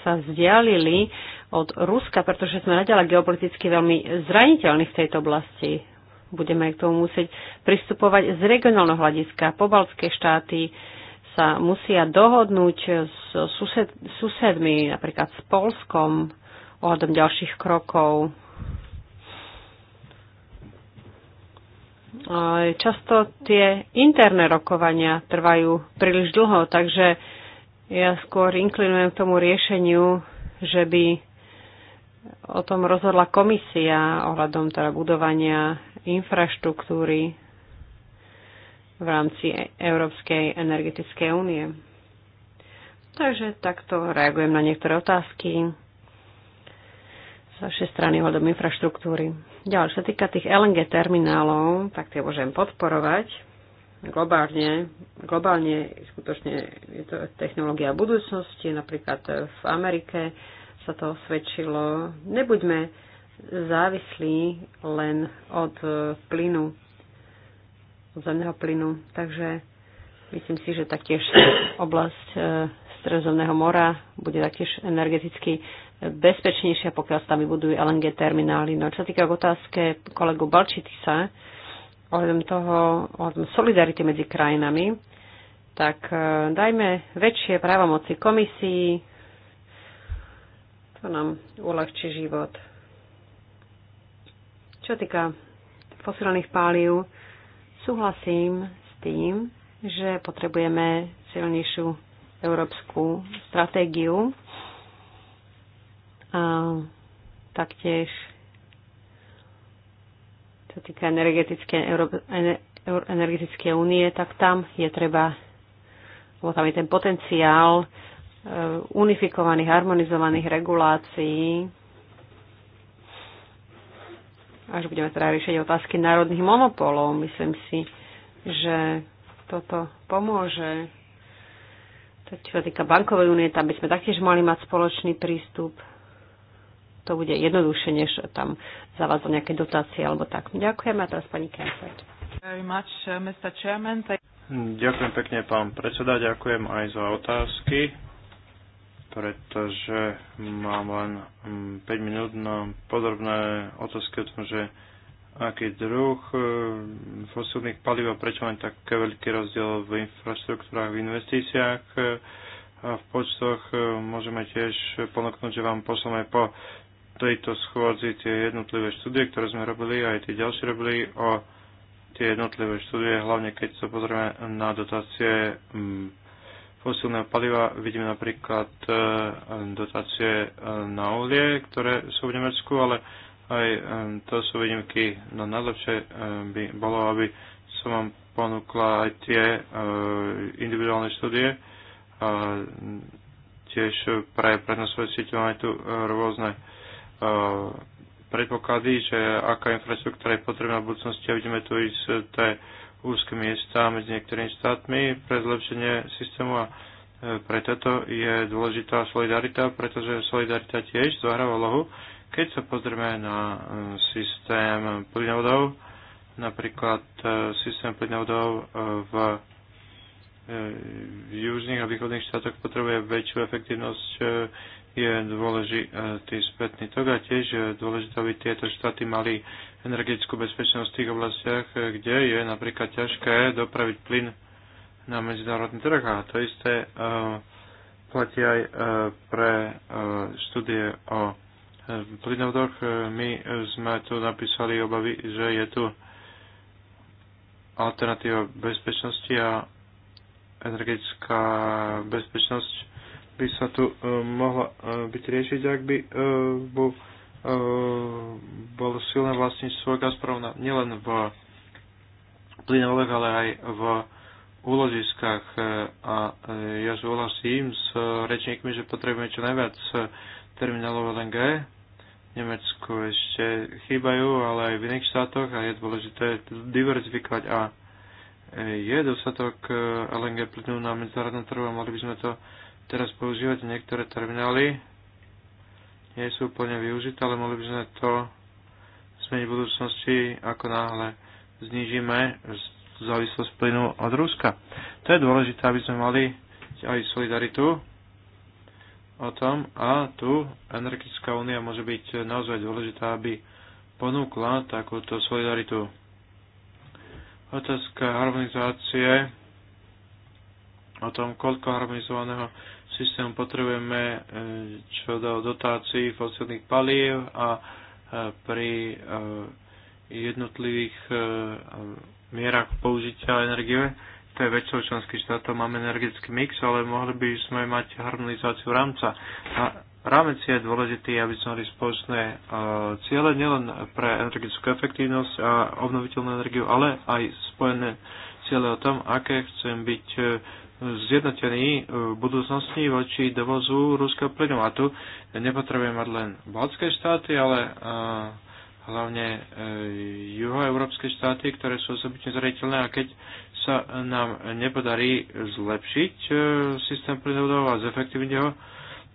sa vzdialili od Ruska, pretože sme naďalej geopoliticky veľmi zraniteľní v tejto oblasti. Budeme k tomu musieť pristupovať z regionálneho hľadiska. Pobaltské štáty sa musia dohodnúť s sused, susedmi, napríklad s Polskom, ohľadom ďalších krokov. Často tie interné rokovania trvajú príliš dlho, takže ja skôr inklinujem k tomu riešeniu, že by o tom rozhodla komisia ohľadom teda budovania infraštruktúry v rámci Európskej energetickej únie. Takže takto reagujem na niektoré otázky vašej strany hľadom infraštruktúry. Ďalej, čo sa týka tých LNG terminálov, tak tie môžem podporovať. Globálne, globálne skutočne je to technológia budúcnosti, napríklad v Amerike sa to osvedčilo. Nebuďme závislí len od plynu, od zemného plynu. Takže myslím si, že taktiež oblasť eh, Stredozemného mora bude taktiež energeticky bezpečnejšia, pokiaľ sa tam vybudujú LNG terminály. No čo týka otázke kolegu Balčitisa, ohľadom toho, ohľadom solidarity medzi krajinami, tak e, dajme väčšie právomoci komisii, to nám uľahčí život. Čo týka fosilných páliv, súhlasím s tým, že potrebujeme silnejšiu európsku stratégiu a taktiež čo týka energetické, energetické únie, tak tam je treba, lebo tam je ten potenciál e, unifikovaných, harmonizovaných regulácií, až budeme teda riešiť otázky národných monopolov. Myslím si, že toto pomôže. Čo sa týka bankovej únie, tam by sme taktiež mali mať spoločný prístup to bude jednoduchšie, než tam zavádzať nejaké dotácie alebo tak. Ďakujem a teraz pani Kempfert. Uh, Ďakujem pekne, pán predseda. Ďakujem aj za otázky, pretože mám len 5 mm, minút na podrobné otázky o tom, že aký druh e, fosilných palív a prečo len také veľký rozdiel v infraštruktúrach, v investíciách e, a v počtoch e, môžeme tiež ponúknuť, že vám poslame po tejto schôdzi tie jednotlivé štúdie, ktoré sme robili, aj tie ďalšie robili o tie jednotlivé štúdie, hlavne keď sa pozrieme na dotácie mm, fosílneho paliva, vidíme napríklad e, dotácie e, na uhlie, ktoré sú v Nemecku, ale aj e, to sú výnimky. No najlepšie by bolo, aby som vám ponúkla aj tie individuálne štúdie, tiež pre prednosové siete máme tu rôzne Eh, predpoklady, že aká infraštruktúra je potrebná v budúcnosti a vidíme tu tie úzke miesta medzi niektorými štátmi pre zlepšenie systému a eh, pre toto je dôležitá solidarita, pretože solidarita tiež zohráva lohu. Keď sa pozrieme na eh, systém plynovodov, napríklad systém plynovodov v v južných a východných štátoch potrebuje väčšiu efektívnosť je dôležitý spätný tok a tiež je dôležité, aby tieto štáty mali energetickú bezpečnosť v tých oblastiach, kde je napríklad ťažké dopraviť plyn na medzinárodný trh. A to isté e, platí aj e, pre e, štúdie o plynovodoch. My sme tu napísali obavy, že je tu alternatíva bezpečnosti a energetická bezpečnosť by sa tu e, mohla e, byť riešiť, ak by e, bol, silný silné vlastníctvo Gazprom nielen v plynovodách, ale aj v úložiskách a ja súhlasím s rečníkmi, že potrebujeme čo najviac terminálov LNG. V Nemecku ešte chýbajú, ale aj v iných štátoch a je dôležité diverzifikovať a je dostatok LNG plynu na medzinárodnom trhu a mali by sme to teraz používať niektoré terminály. Nie sú úplne využité, ale mohli by sme to zmeniť v budúcnosti, ako náhle znižíme závislosť plynu od Ruska. To je dôležité, aby sme mali aj solidaritu o tom a tu energetická únia môže byť naozaj dôležitá, aby ponúkla takúto solidaritu. Otázka harmonizácie o tom, koľko harmonizovaného systému potrebujeme e, čo do dotácií fosilných palív a e, pri e, jednotlivých mierach použitia energie. To je väčšinou členských štátov, máme energetický mix, ale mohli by sme mať harmonizáciu rámca. A rámec je dôležitý, aby sme mali spoločné ciele nielen pre energetickú efektívnosť a obnoviteľnú energiu, ale aj spojené ciele o tom, aké chcem byť zjednotení e, v budúcnosti voči dovozu ruského plynu. A tu nepotrebujeme mať len baltské štáty, ale e, hlavne e, juhoeurópske štáty, ktoré sú osobitne zrediteľné a keď sa nám nepodarí zlepšiť systém plynovodov a zefektívne ho,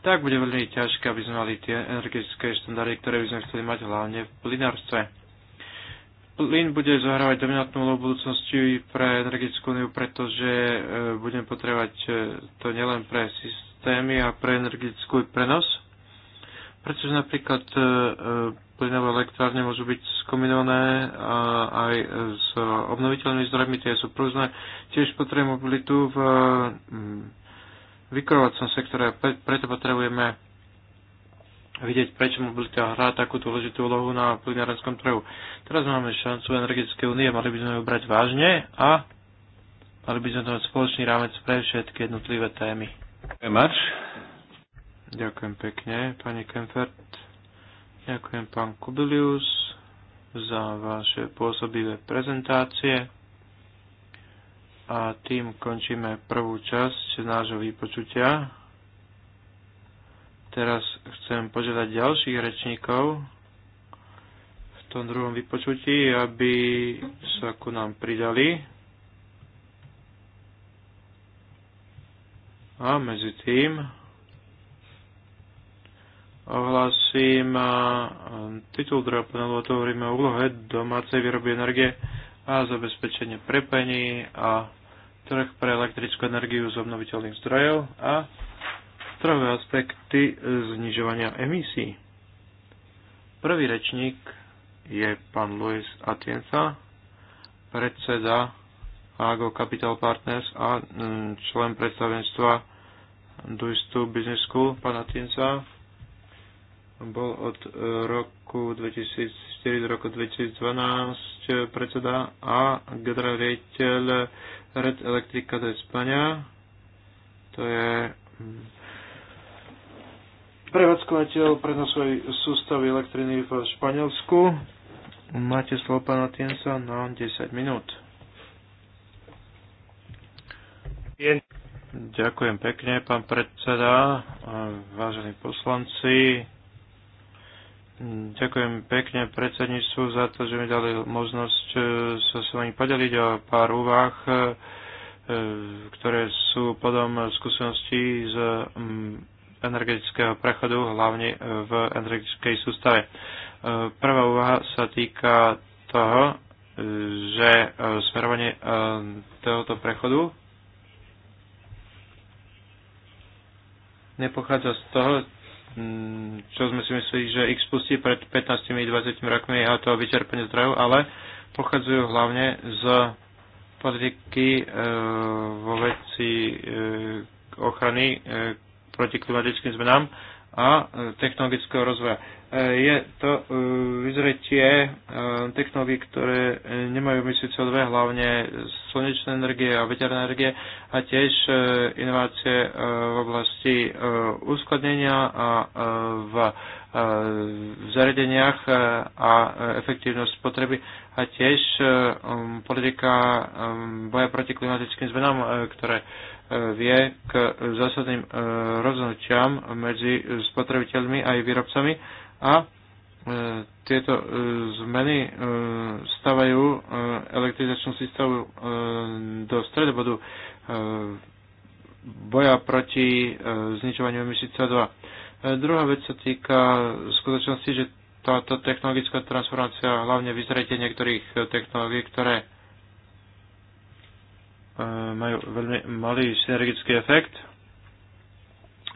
tak bude veľmi ťažké, aby sme mali tie energetické štandardy, ktoré by sme chceli mať hlavne v plynárstve. Plyn bude zohrávať dominantnú úlohu budúcnosti pre energetickú úniu, pretože e, budem potrebovať e, to nielen pre systémy a pre energetickú prenos, pretože napríklad e, plynové elektrárne môžu byť skombinované aj s obnoviteľnými zdrojmi, tie sú prúzne. Tiež potrebujeme mobilitu v vykrovacom sektore, preto potrebujeme vidieť, prečo mobilita hrá takú dôležitú úlohu na plinárenskom trhu. Teraz máme šancu energetické únie, mali by sme ju brať vážne a mali by sme to mať spoločný rámec pre všetky jednotlivé témy. Ďakujem pekne, pani Kempfert. Ďakujem pán Kubilius za vaše pôsobivé prezentácie. A tým končíme prvú časť nášho vypočutia. Teraz chcem požiadať ďalších rečníkov v tom druhom vypočutí, aby sa ku nám pridali. A medzi tým ohlasím e, titul druhého panelu, to hovoríme o úlohe domácej výroby energie a zabezpečenie prepení a trh pre elektrickú energiu z obnoviteľných zdrojov a trhové aspekty e, znižovania emisí. Prvý rečník je pán Luis Atienza, predseda Ago Capital Partners a e, člen predstavenstva Duistu Business School, pán Atienza. Bol od e, roku 2004 do roku 2012 predseda a generál riaditeľ Red Electrica de España. To je prevádzkovateľ prenosovej sústavy elektriny v Španielsku. Máte slovo pána Tienca, na 10 minút. Ďakujem pekne, pán predseda, vážení poslanci. Ďakujem pekne predsedníctvu za to, že mi dali možnosť e, sa s vami podeliť o pár úvah, e, e, ktoré sú podom skúseností z energetického prechodu, hlavne v energetickej sústave. E, prvá úvaha sa týka toho, e, že e, smerovanie tohoto prechodu nepochádza z toho, čo sme si mysleli, že ich spustí pred 15-20 rokmi a to vyčerpanie zdrojov, ale pochádzajú hlavne z politiky vo veci ochrany, proti klimatickým zmenám a e, technologického rozvoja. E, je to e, vyzretie technológií, ktoré nemajú emisiu CO2, hlavne slnečné energie a veterné energie a tiež inovácie v oblasti uskladnenia a v zariadeniach a efektívnosť spotreby a tiež politika boja proti klimatickým zmenám, ktoré vie k zásadným e, rozhodnutiam medzi spotrebiteľmi a aj výrobcami a e, tieto e, zmeny stavajú elektrizačnú systému do stredobodu boja proti zničovaniu emisí CO2. Druhá vec sa týka skutočnosti, že táto technologická transformácia hlavne vyzrejte niektorých technológií, ktoré majú veľmi malý synergický efekt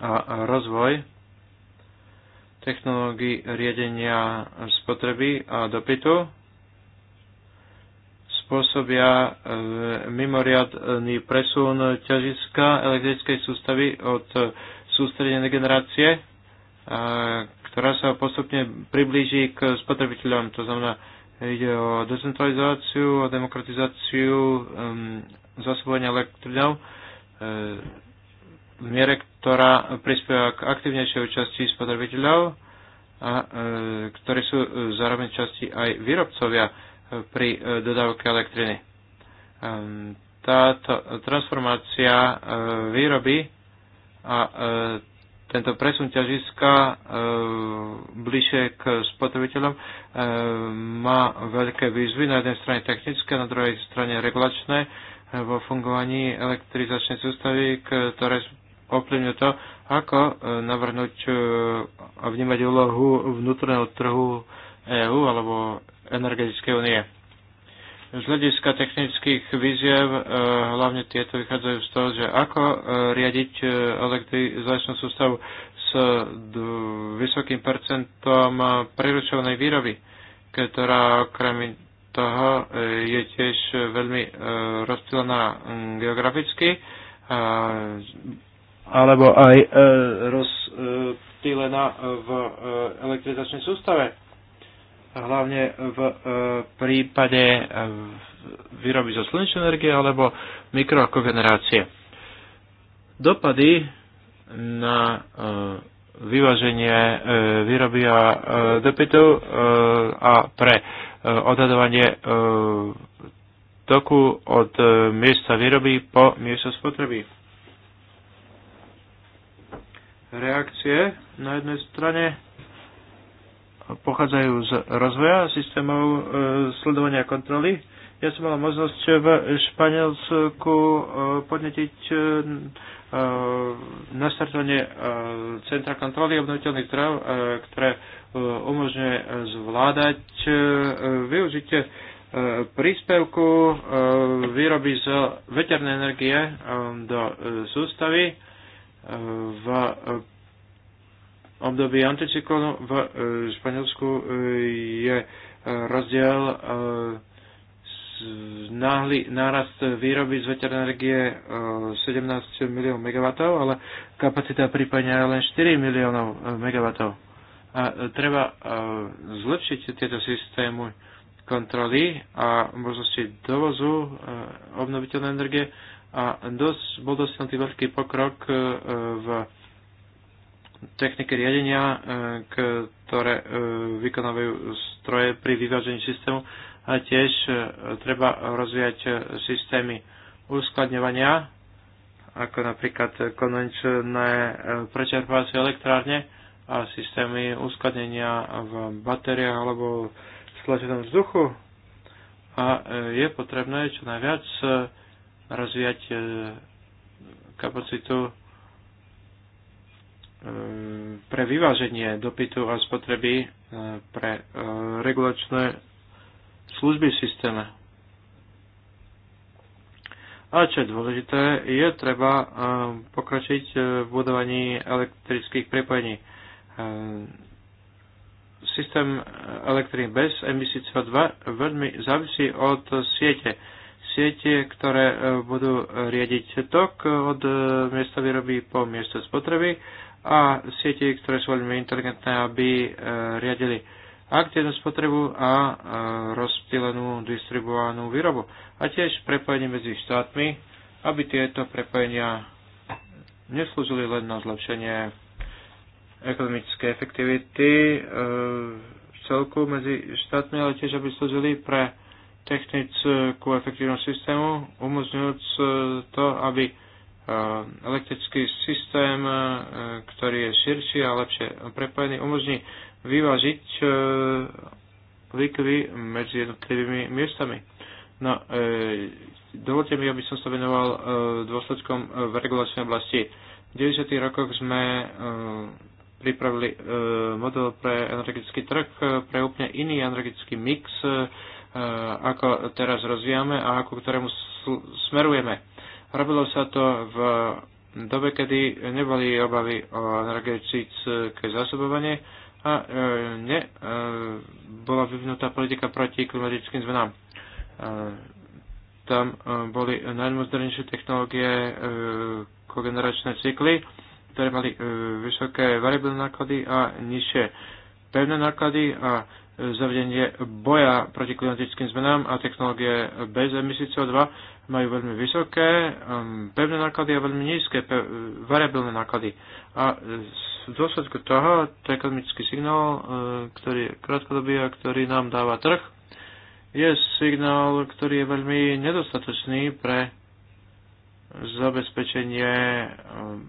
a rozvoj technológií riadenia spotreby a dopytu spôsobia e, mimoriadný presun ťažiska elektrickej sústavy od sústredenej generácie, ktorá sa postupne priblíži k spotrebiteľom. To znamená, Ide o decentralizáciu, o demokratizáciu um, zasobovania elektrinov eh, v miere, ktorá prispieva k aktivnejšej účasti spotrebiteľov, a, e, ktorí sú eh, zároveň časti aj výrobcovia pri dodávke elektriny. táto transformácia výroby a tento presun ťažiska e, bližšie k spotrebiteľom e, má veľké výzvy, na jednej strane technické, na druhej strane regulačné e, vo fungovaní elektrizačnej sústavy, ktoré ovplyvňujú to, ako e, navrhnúť e, a vnímať úlohu vnútorného trhu EÚ alebo energetickej únie z hľadiska technických víziev, e, hlavne tieto vychádzajú z toho, že ako e, riadiť e, elektrizačnú sústavu s vysokým percentom preručovanej výroby, ktorá okrem toho je tiež veľmi rozptýlená geograficky, alebo aj rozptýlená v elektrizačnej sústave hlavne v e, prípade e, výroby zo slnečnej energie alebo mikroakogenerácie. Dopady na e, vyváženie výroby a dopytu a pre odhadovanie toku od miesta výroby po miesto spotreby. Reakcie na jednej strane pochádzajú z rozvoja systémov e, sledovania kontroly. Ja som mal možnosť v Španielsku e, podnetiť e, nastartovanie Centra kontroly obnoviteľných zdrav, ktoré umožňuje zvládať využitie príspevku výroby z veternej energie do sústavy v období anticyklonu v e, Španielsku e, je e, rozdiel náhly nárast výroby z veternej energie 17 miliónov megawatov, ale kapacita prípadne len 4 miliónov megawatov. A treba zlepšiť tieto systémy kontroly a možnosti dovozu obnoviteľnej energie a dosť, bol dosiahnutý veľký pokrok v techniky riadenia, e, ktoré e, vykonávajú stroje pri vyvážení systému a tiež e, treba rozvíjať systémy uskladňovania, ako napríklad konvenčné prečerpávacie elektrárne a systémy uskladnenia v batériách alebo v stlačenom vzduchu. A je potrebné čo najviac rozvíjať kapacitu pre vyváženie dopytu a spotreby e, pre e, regulačné služby v systéme. A čo je dôležité, je treba e, pokračiť v budovaní elektrických prepojení. Systém elektriny bez emisí CO2 veľmi závisí od siete siete, ktoré budú riadiť tok od miesta výroby po miesto spotreby a siete, ktoré sú veľmi inteligentné, aby e, riadili aktívnu spotrebu a e, rozptýlenú distribuovanú výrobu. A tiež prepojenie medzi štátmi, aby tieto prepojenia neslúžili len na zlepšenie ekonomické efektivity e, v celku medzi štátmi, ale tiež aby slúžili pre technickú efektívnosť systému, umožňujúc to, aby E, elektrický systém, e, ktorý je širší a lepšie prepojený, umožní vyvážiť e, likvy medzi jednotlivými miestami. No, dovolte mi, aby som sa venoval dôsledkom v regulačnej oblasti. V 90. rokoch sme pripravili model pre energetický trh, pre úplne iný energetický mix, ako teraz rozvíjame a ako ktorému smerujeme Robilo sa to v dobe, kedy neboli obavy o energetické zásobovanie a e, ne, e, bola vyvinutá politika proti klimatickým zmenám. E, tam e, boli najmodernejšie technológie e, kogeneračné cykly, ktoré mali e, vysoké variabilné náklady a nižšie pevné náklady a e, zavedenie boja proti klimatickým zmenám a technológie bez emisí CO2 majú veľmi vysoké um, pevné náklady a veľmi nízke uh, variabilné náklady. A v dôsledku toho to ekonomický signál, uh, ktorý je krátkodobý a ktorý nám dáva trh, je signál, ktorý je veľmi nedostatočný pre zabezpečenie um,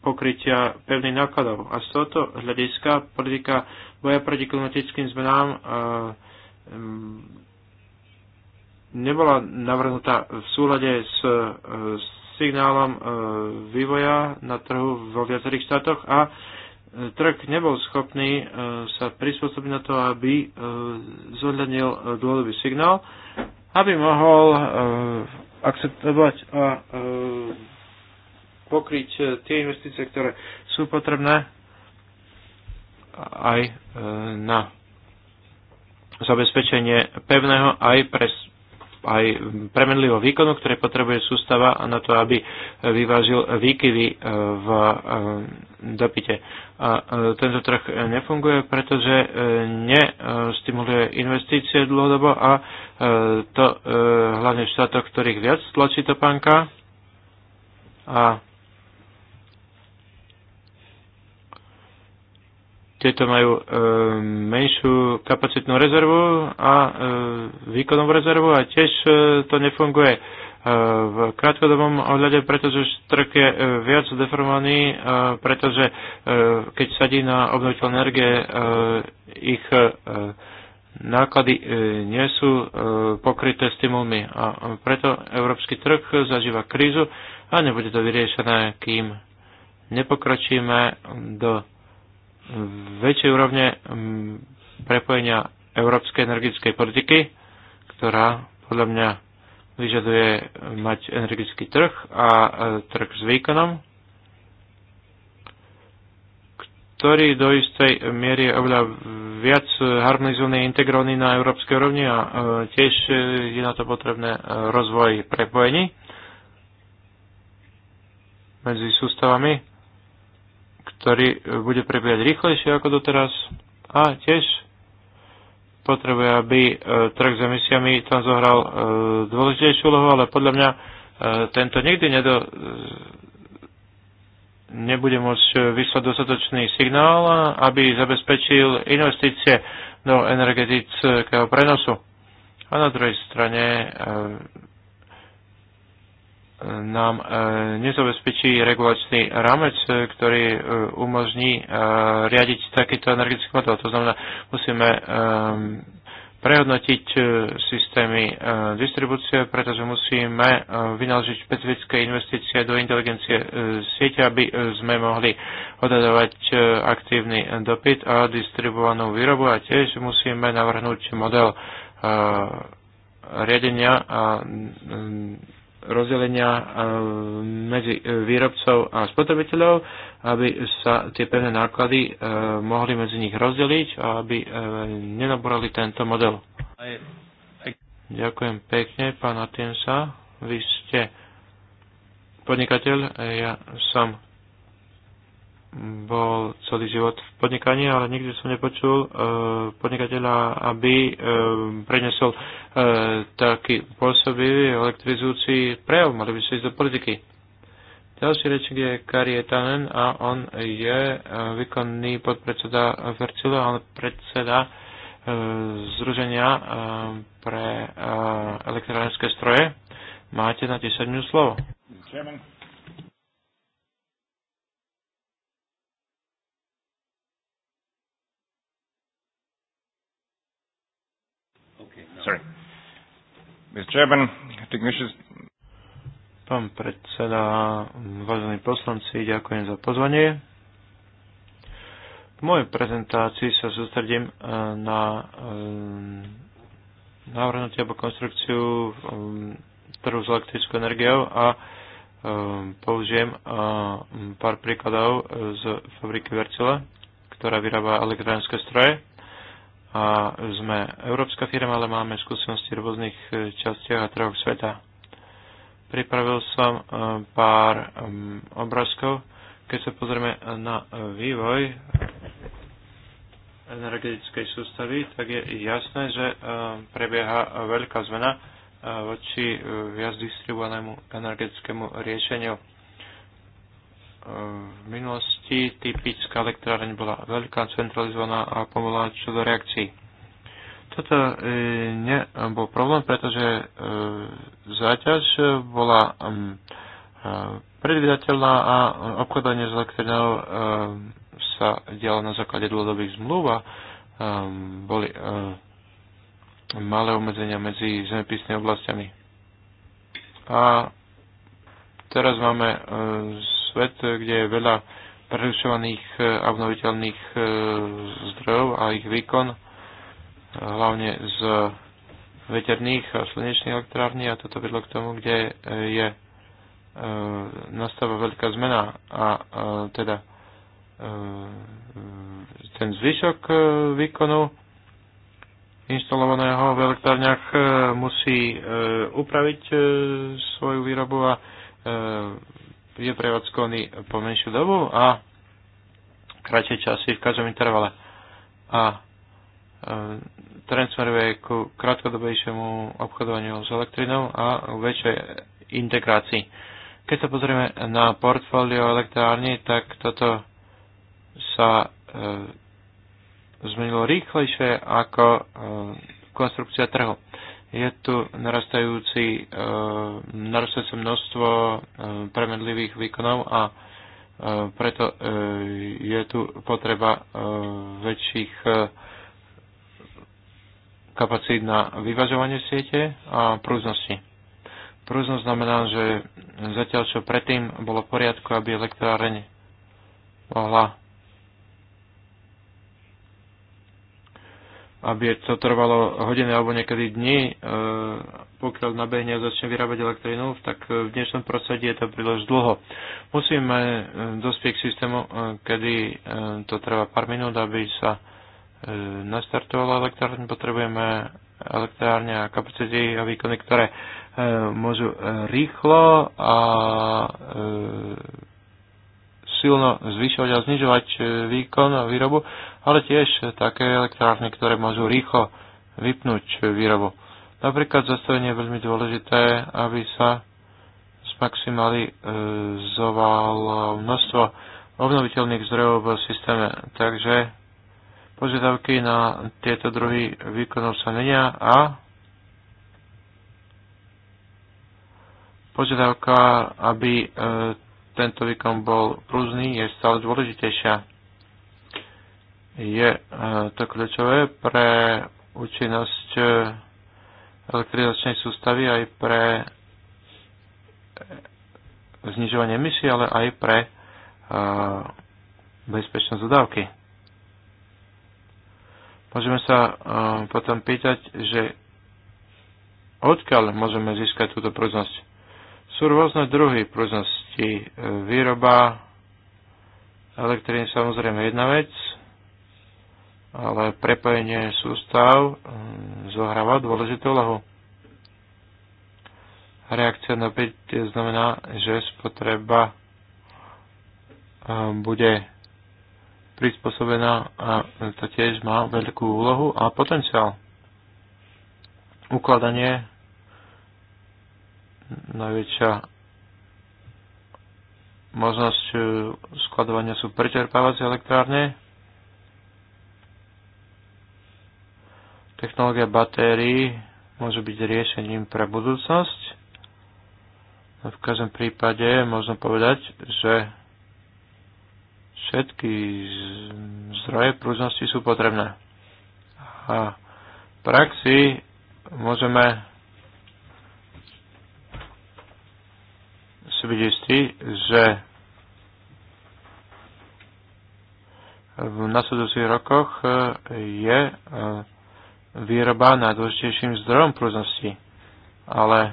pokrytia pevných nákladov. A z tohoto hľadiska politika boja proti klimatickým zmenám e, nebola navrhnutá v súlade s e, signálom e, vývoja na trhu vo viacerých štátoch a trh nebol schopný sa prispôsobiť na to, aby zohľadnil dôvodový signál, aby mohol akceptovať a pokryť tie investície, ktoré sú potrebné aj e, na zabezpečenie pevného aj pre aj premenlivého výkonu, ktoré potrebuje sústava a na to, aby vyvážil výkyvy e, v e, dopite. A tento trh nefunguje, pretože nestimuluje investície dlhodobo a to hlavne v štátoch, ktorých viac tlačí topánka a tieto majú e, menšiu kapacitnú rezervu a e, výkonnú rezervu a tiež e, to nefunguje e, v krátkodobom ohľade, pretože trh je e, viac deformovaný, e, pretože e, keď sadí na obnoviteľné energie, e, ich e, náklady e, nie sú e, pokryté stimulmi a preto európsky trh zažíva krízu a nebude to vyriešené, kým nepokročíme do väčšej úrovne mm, prepojenia európskej energetickej politiky, ktorá podľa mňa vyžaduje mať energetický trh a e, trh s výkonom, ktorý do istej miery je oveľa viac harmonizovaný a integrovaný na európskej úrovni a e, tiež e, je na to potrebné rozvoj prepojení medzi sústavami ktorý e, bude prebiehať rýchlejšie ako doteraz a tiež potrebuje, aby e, trh s emisiami tam zohral e, dôležitejšiu úlohu, ale podľa mňa tento nikdy nedo, nebude môcť vyslať dostatočný signál, aby zabezpečil investície do energetického prenosu. A na druhej strane nám e, nezabezpečí regulačný rámec, e, ktorý e, umožní riadiť takýto energetický model. To znamená, musíme prehodnotiť systémy distribúcie, pretože musíme vynaložiť špecifické investície do inteligencie siete, aby sme mohli odhadovať aktívny dopyt a distribuovanú výrobu a tiež musíme navrhnúť model riadenia a rozdelenia eh, medzi eh, výrobcov a spotrebiteľov, aby sa tie pevné náklady eh, mohli medzi nich rozdeliť a aby nenaborali tento model. Ďakujem pekne, pán Atiensa. Vy ste podnikateľ, ja som bol celý život v podnikaní, ale nikdy som nepočul uh, podnikateľa, aby e, prenesol uh, taký pôsobivý elektrizujúci prejav, mali by sa ísť do politiky. Ďalší rečník je Etanen a on je uh, výkonný podpredseda Vercilo, ale predseda uh, Združenia uh, pre uh, elektronické stroje. Máte na 10 minút slovo. Chairman. sorry. Mr. Chairman, technicians... Pán predseda, vážení poslanci, ďakujem za pozvanie. V mojej prezentácii sa sústredím e, na e, návrhnutie alebo konstrukciu e, trhu s elektrickou energiou a použijem pár príkladov z fabriky Vercila, ktorá vyrába elektronické stroje a sme európska firma, ale máme skúsenosti v rôznych e, častiach a trhoch sveta. Pripravil som e, pár obrázkov, keď sa pozrieme na vývoj energetickej sústavy, tak je jasné, že e, prebieha veľká zmena voči viac distribuovanému energetickému riešeniu v minulosti typická elektráreň bola veľká, centralizovaná a pomohla čo do reakcií. Toto e, ne, bol problém, pretože e, záťaž bola e, predvydateľná a obchodovanie s elektrinou sa dialo na základe dlhodobých zmluv a boli malé obmedzenia medzi zemepisnými oblastiami. A teraz máme svet, kde je veľa prerušovaných a e, obnoviteľných e, zdrojov a ich výkon, e, hlavne z veterných a slnečných elektrární a toto vedlo k tomu, kde je nastáva veľká zmena a teda ten zvyšok výkonu inštalovaného v elektrárniach musí upraviť svoju výrobu a je prevádzkovaný po menšiu dobu a kratšie časy v každom intervale. A e, trend smeruje ku krátkodobejšiemu obchodovaniu s elektrinou a väčšej integrácii. Keď sa pozrieme na portfólio elektrárny, tak toto sa e, zmenilo rýchlejšie ako e, konstrukcia trhu je tu narastajúci, e, narastajúce množstvo e, premedlivých výkonov a e, preto e, je tu potreba e, väčších e, kapacít na vyvažovanie siete a prúznosti. Prúznosť znamená, že zatiaľ čo predtým bolo v poriadku, aby elektráreň mohla aby to trvalo hodiny alebo niekedy dni, e, pokiaľ nabehne a začne vyrábať elektrínu, tak e, v dnešnom prostredí je to príliš dlho. Musíme e, dospieť k systému, kedy to trvá pár minút, aby sa nastartovala elektrárne. Potrebujeme elektrárne a kapacity a výkony, ktoré môžu rýchlo a silno zvyšovať a znižovať e, výkon a výrobu, ale tiež také elektrárne, ktoré môžu rýchlo vypnúť výrobu. Napríklad zastavenie je veľmi dôležité, aby sa zmaximalizovalo množstvo obnoviteľných zdrojov v systéme. Takže požiadavky na tieto druhy výkonov sa menia a požiadavka, aby e, tento výkon bol prúzný, je stále dôležitejšia. Je e, to kľúčové pre účinnosť e, elektrizačnej sústavy aj pre e, znižovanie emisí, ale aj pre bezpečnosť dodávky. Môžeme sa potom pýtať, že odkiaľ môžeme získať túto prúznosť. Sú rôzne druhy prúznosť oblasti e, výroba elektriny samozrejme jedna vec, ale prepojenie sústav e, zohráva dôležitú úlohu. Reakcia na napätie znamená, že spotreba e, bude prispôsobená a to tiež má veľkú úlohu a potenciál. Ukladanie najväčšia možnosť e, skladovania sú prečerpávacie elektrárne, technológia batérií môže byť riešením pre budúcnosť. V každom prípade možno povedať, že všetky zdroje prúžnosti sú potrebné. A v praxi môžeme si byť istí, že v nasledujúcich rokoch e, je e, výroba najdôležitejším zdrojom prúznosti. Ale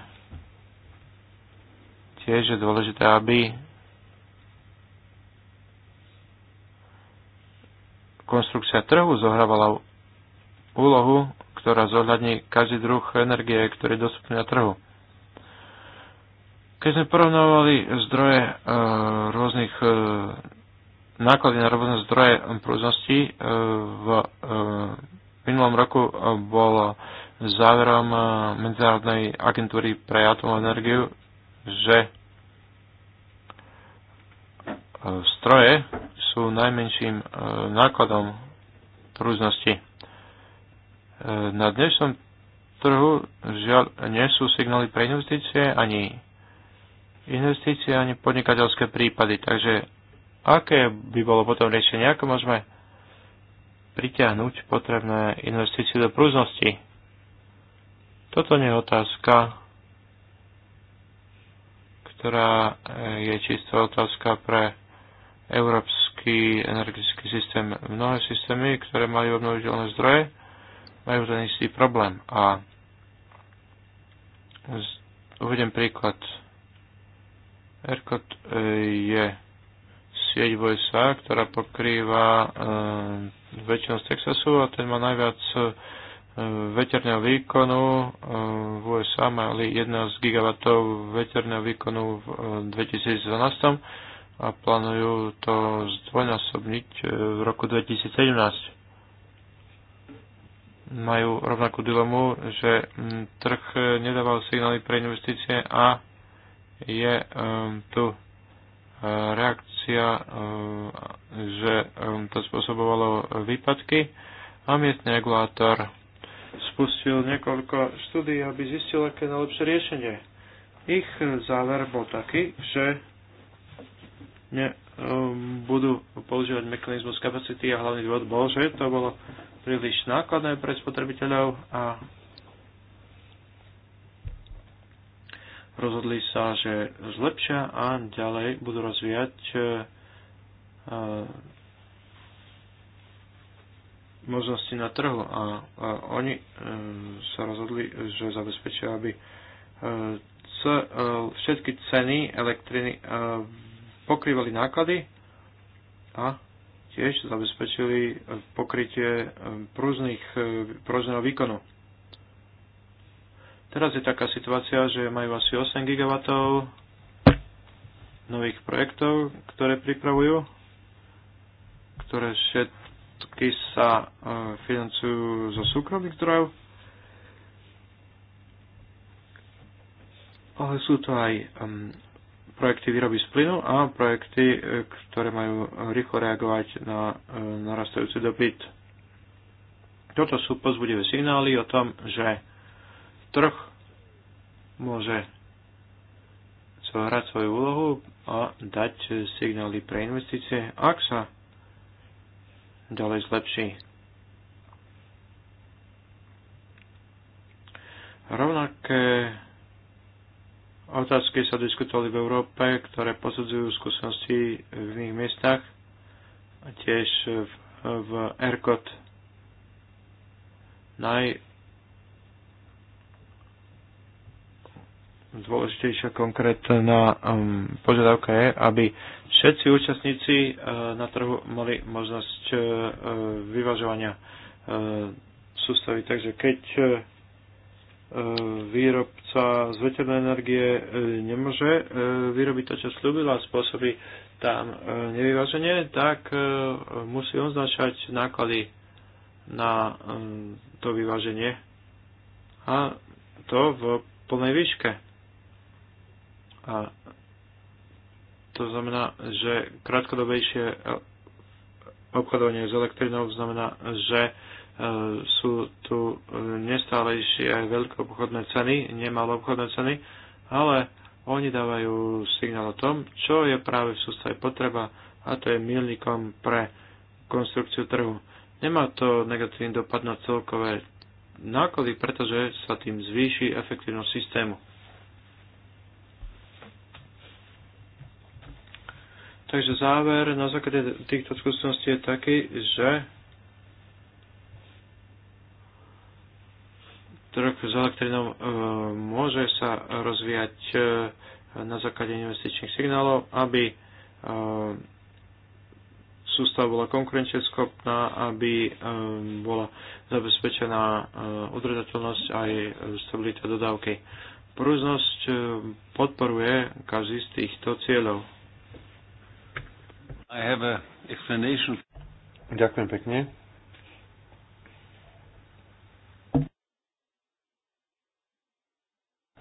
tiež je dôležité, aby konstrukcia trhu zohrávala úlohu, ktorá zohľadní každý druh energie, ktorý je dostupný na trhu. Keď sme porovnávali zdroje e, rôznych e, náklady na robotné zdroje prúznosti v e, e, minulom roku e, bol záverom Medzinárodnej agentúry pre atomovú energiu, že stroje sú najmenším nákladom prúznosti. Na dnešnom trhu žiaľ nie sú signály pre investície, ani investície, ani podnikateľské prípady, takže Aké by bolo potom riešenie? Ako môžeme pritiahnuť potrebné investície do prúznosti? Toto nie je otázka, ktorá eh, je čistá otázka pre európsky energetický systém. Mnohé systémy, ktoré majú obnoviteľné zdroje, majú ten istý problém. A uvedem príklad. ERCOT eh, je sieť USA, ktorá pokrýva e, väčšinu z Texasu a ten má najviac e, veterného výkonu. E, v USA mali z gigawatov veterného výkonu v e, eh, 2012 a plánujú to zdvojnásobniť e, v roku 2017 majú rovnakú dilemu, že hm, trh nedával signály pre investície a je um, tu E, reakcia, e, že e, to spôsobovalo výpadky a miestny regulátor spustil niekoľko štúdí, aby zistil, aké najlepšie riešenie. Ich záver bol taký, že ne, um, budú používať mechanizmus kapacity a hlavný dôvod bol, že to bolo príliš nákladné pre spotrebiteľov a rozhodli sa, že zlepšia a ďalej budú rozvíjať e, e, možnosti na trhu a, oni e, sa rozhodli, že zabezpečia, aby c, všetky ceny elektriny pokrývali náklady a tiež zabezpečili pokrytie prúzneho výkonu. Teraz je taká situácia, že majú asi 8 GW nových projektov, ktoré pripravujú, ktoré všetky sa e, financujú zo súkromných zdrojov. Ale sú to aj um, projekty výroby z plynu a projekty, e, ktoré majú rýchlo reagovať na e, narastajúci dopyt. Toto sú pozbudivé signály o tom, že trh môže zohrať svoju úlohu a dať signály pre investície, ak sa ďalej zlepší. Rovnaké otázky sa diskutovali v Európe, ktoré posudzujú skúsenosti v iných miestach, tiež v, v ERCOT. Naj dôležitejšia konkrétna um, požiadavka je, aby všetci účastníci uh, na trhu mali možnosť uh, vyvažovania uh, sústavy. Takže keď uh, výrobca z veternej energie uh, nemôže uh, vyrobiť to, čo slúbil a spôsobí tam uh, nevyvaženie, tak uh, musí označať náklady na um, to vyváženie. A to v plnej výške a to znamená, že krátkodobejšie e, obchodovanie s elektrinou znamená, že e, sú tu e, nestálejšie aj veľkoobchodné ceny, nemalé obchodné ceny, ale oni dávajú signál o tom, čo je práve v sústave potreba a to je milníkom pre konstrukciu trhu. Nemá to negatívny dopad na celkové náklady, pretože sa tým zvýši efektívnosť systému. Takže záver na základe týchto skúseností je taký, že trh s elektrinou e, môže sa rozvíjať e, na základe investičných signálov, aby e, sústava bola konkurenčieschopná, aby bola zabezpečená udržateľnosť aj stabilita dodávky. Prúznosť podporuje každý z týchto cieľov. I have a explanation. Ďakujem pekne.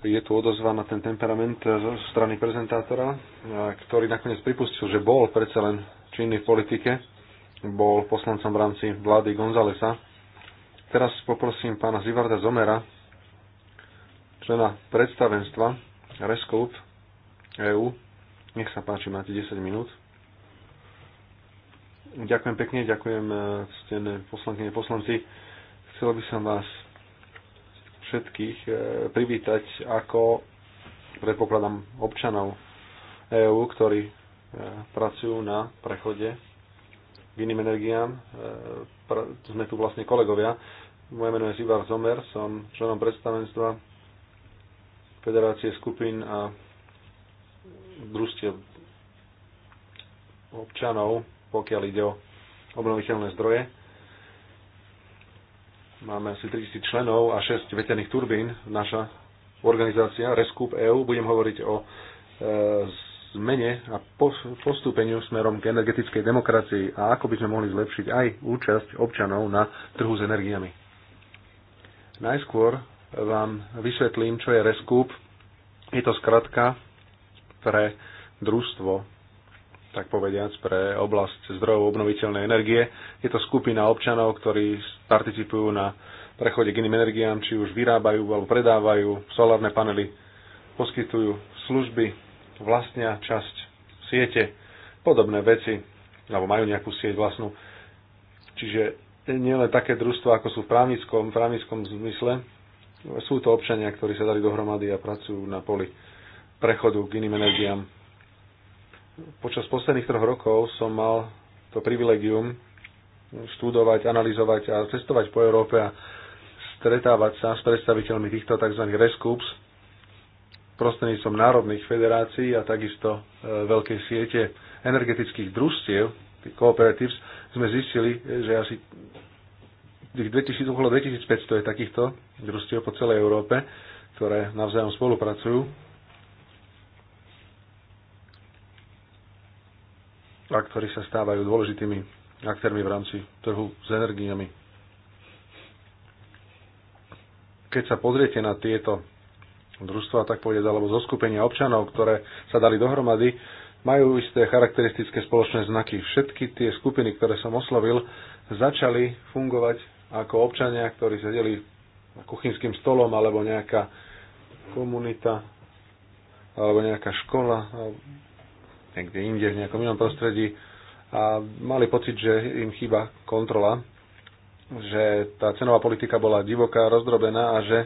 je tu odozva na ten temperament zo strany prezentátora, ktorý nakoniec pripustil, že bol predsa len činný v politike, bol poslancom v rámci vlády Gonzalesa. Teraz poprosím pána Zivarda Zomera, člena predstavenstva Rescope EU. Nech sa páči, máte 10 minút. Ďakujem pekne, ďakujem eh, ctené poslankyne poslanci. Chcel by som vás všetkých eh, privítať ako predpokladám občanov EÚ, ktorí eh, pracujú na prechode k iným energiám. Sme tu vlastne kolegovia. Moje meno je Zivar Zomer, som členom predstavenstva Federácie skupín a družstiev občanov pokiaľ ide o obnoviteľné zdroje. Máme asi 3000 členov a 6 veterných turbín. Naša organizácia Rescoop EU. Budem hovoriť o e, zmene a postúpeniu smerom k energetickej demokracii a ako by sme mohli zlepšiť aj účasť občanov na trhu s energiami. Najskôr vám vysvetlím, čo je Rescoop. Je to skratka pre družstvo tak povediac, pre oblasť zdrojov obnoviteľnej energie. Je to skupina občanov, ktorí participujú na prechode k iným energiám, či už vyrábajú alebo predávajú solárne panely, poskytujú služby, vlastnia časť siete, podobné veci, alebo majú nejakú sieť vlastnú. Čiže nielen také družstva, ako sú v právnickom, v právnickom zmysle, sú to občania, ktorí sa dali dohromady a pracujú na poli prechodu k iným energiám. Počas posledných troch rokov som mal to privilegium študovať, analyzovať a cestovať po Európe a stretávať sa s predstaviteľmi týchto tzv. Rescups, prostredníctvom národných federácií a takisto e, veľkej siete energetických družstiev, cooperatives, sme zistili, e, že asi tých 2000, okolo 2500 je takýchto družstiev po celej Európe, ktoré navzájom spolupracujú a ktorí sa stávajú dôležitými aktérmi v rámci trhu s energiami. Keď sa pozriete na tieto družstva, tak povedať, alebo zo skupenia občanov, ktoré sa dali dohromady, majú isté charakteristické spoločné znaky. Všetky tie skupiny, ktoré som oslovil, začali fungovať ako občania, ktorí sedeli na kuchynským stolom, alebo nejaká komunita, alebo nejaká škola, niekde inde, v nejakom inom prostredí a mali pocit, že im chýba kontrola, že tá cenová politika bola divoká, rozdrobená a že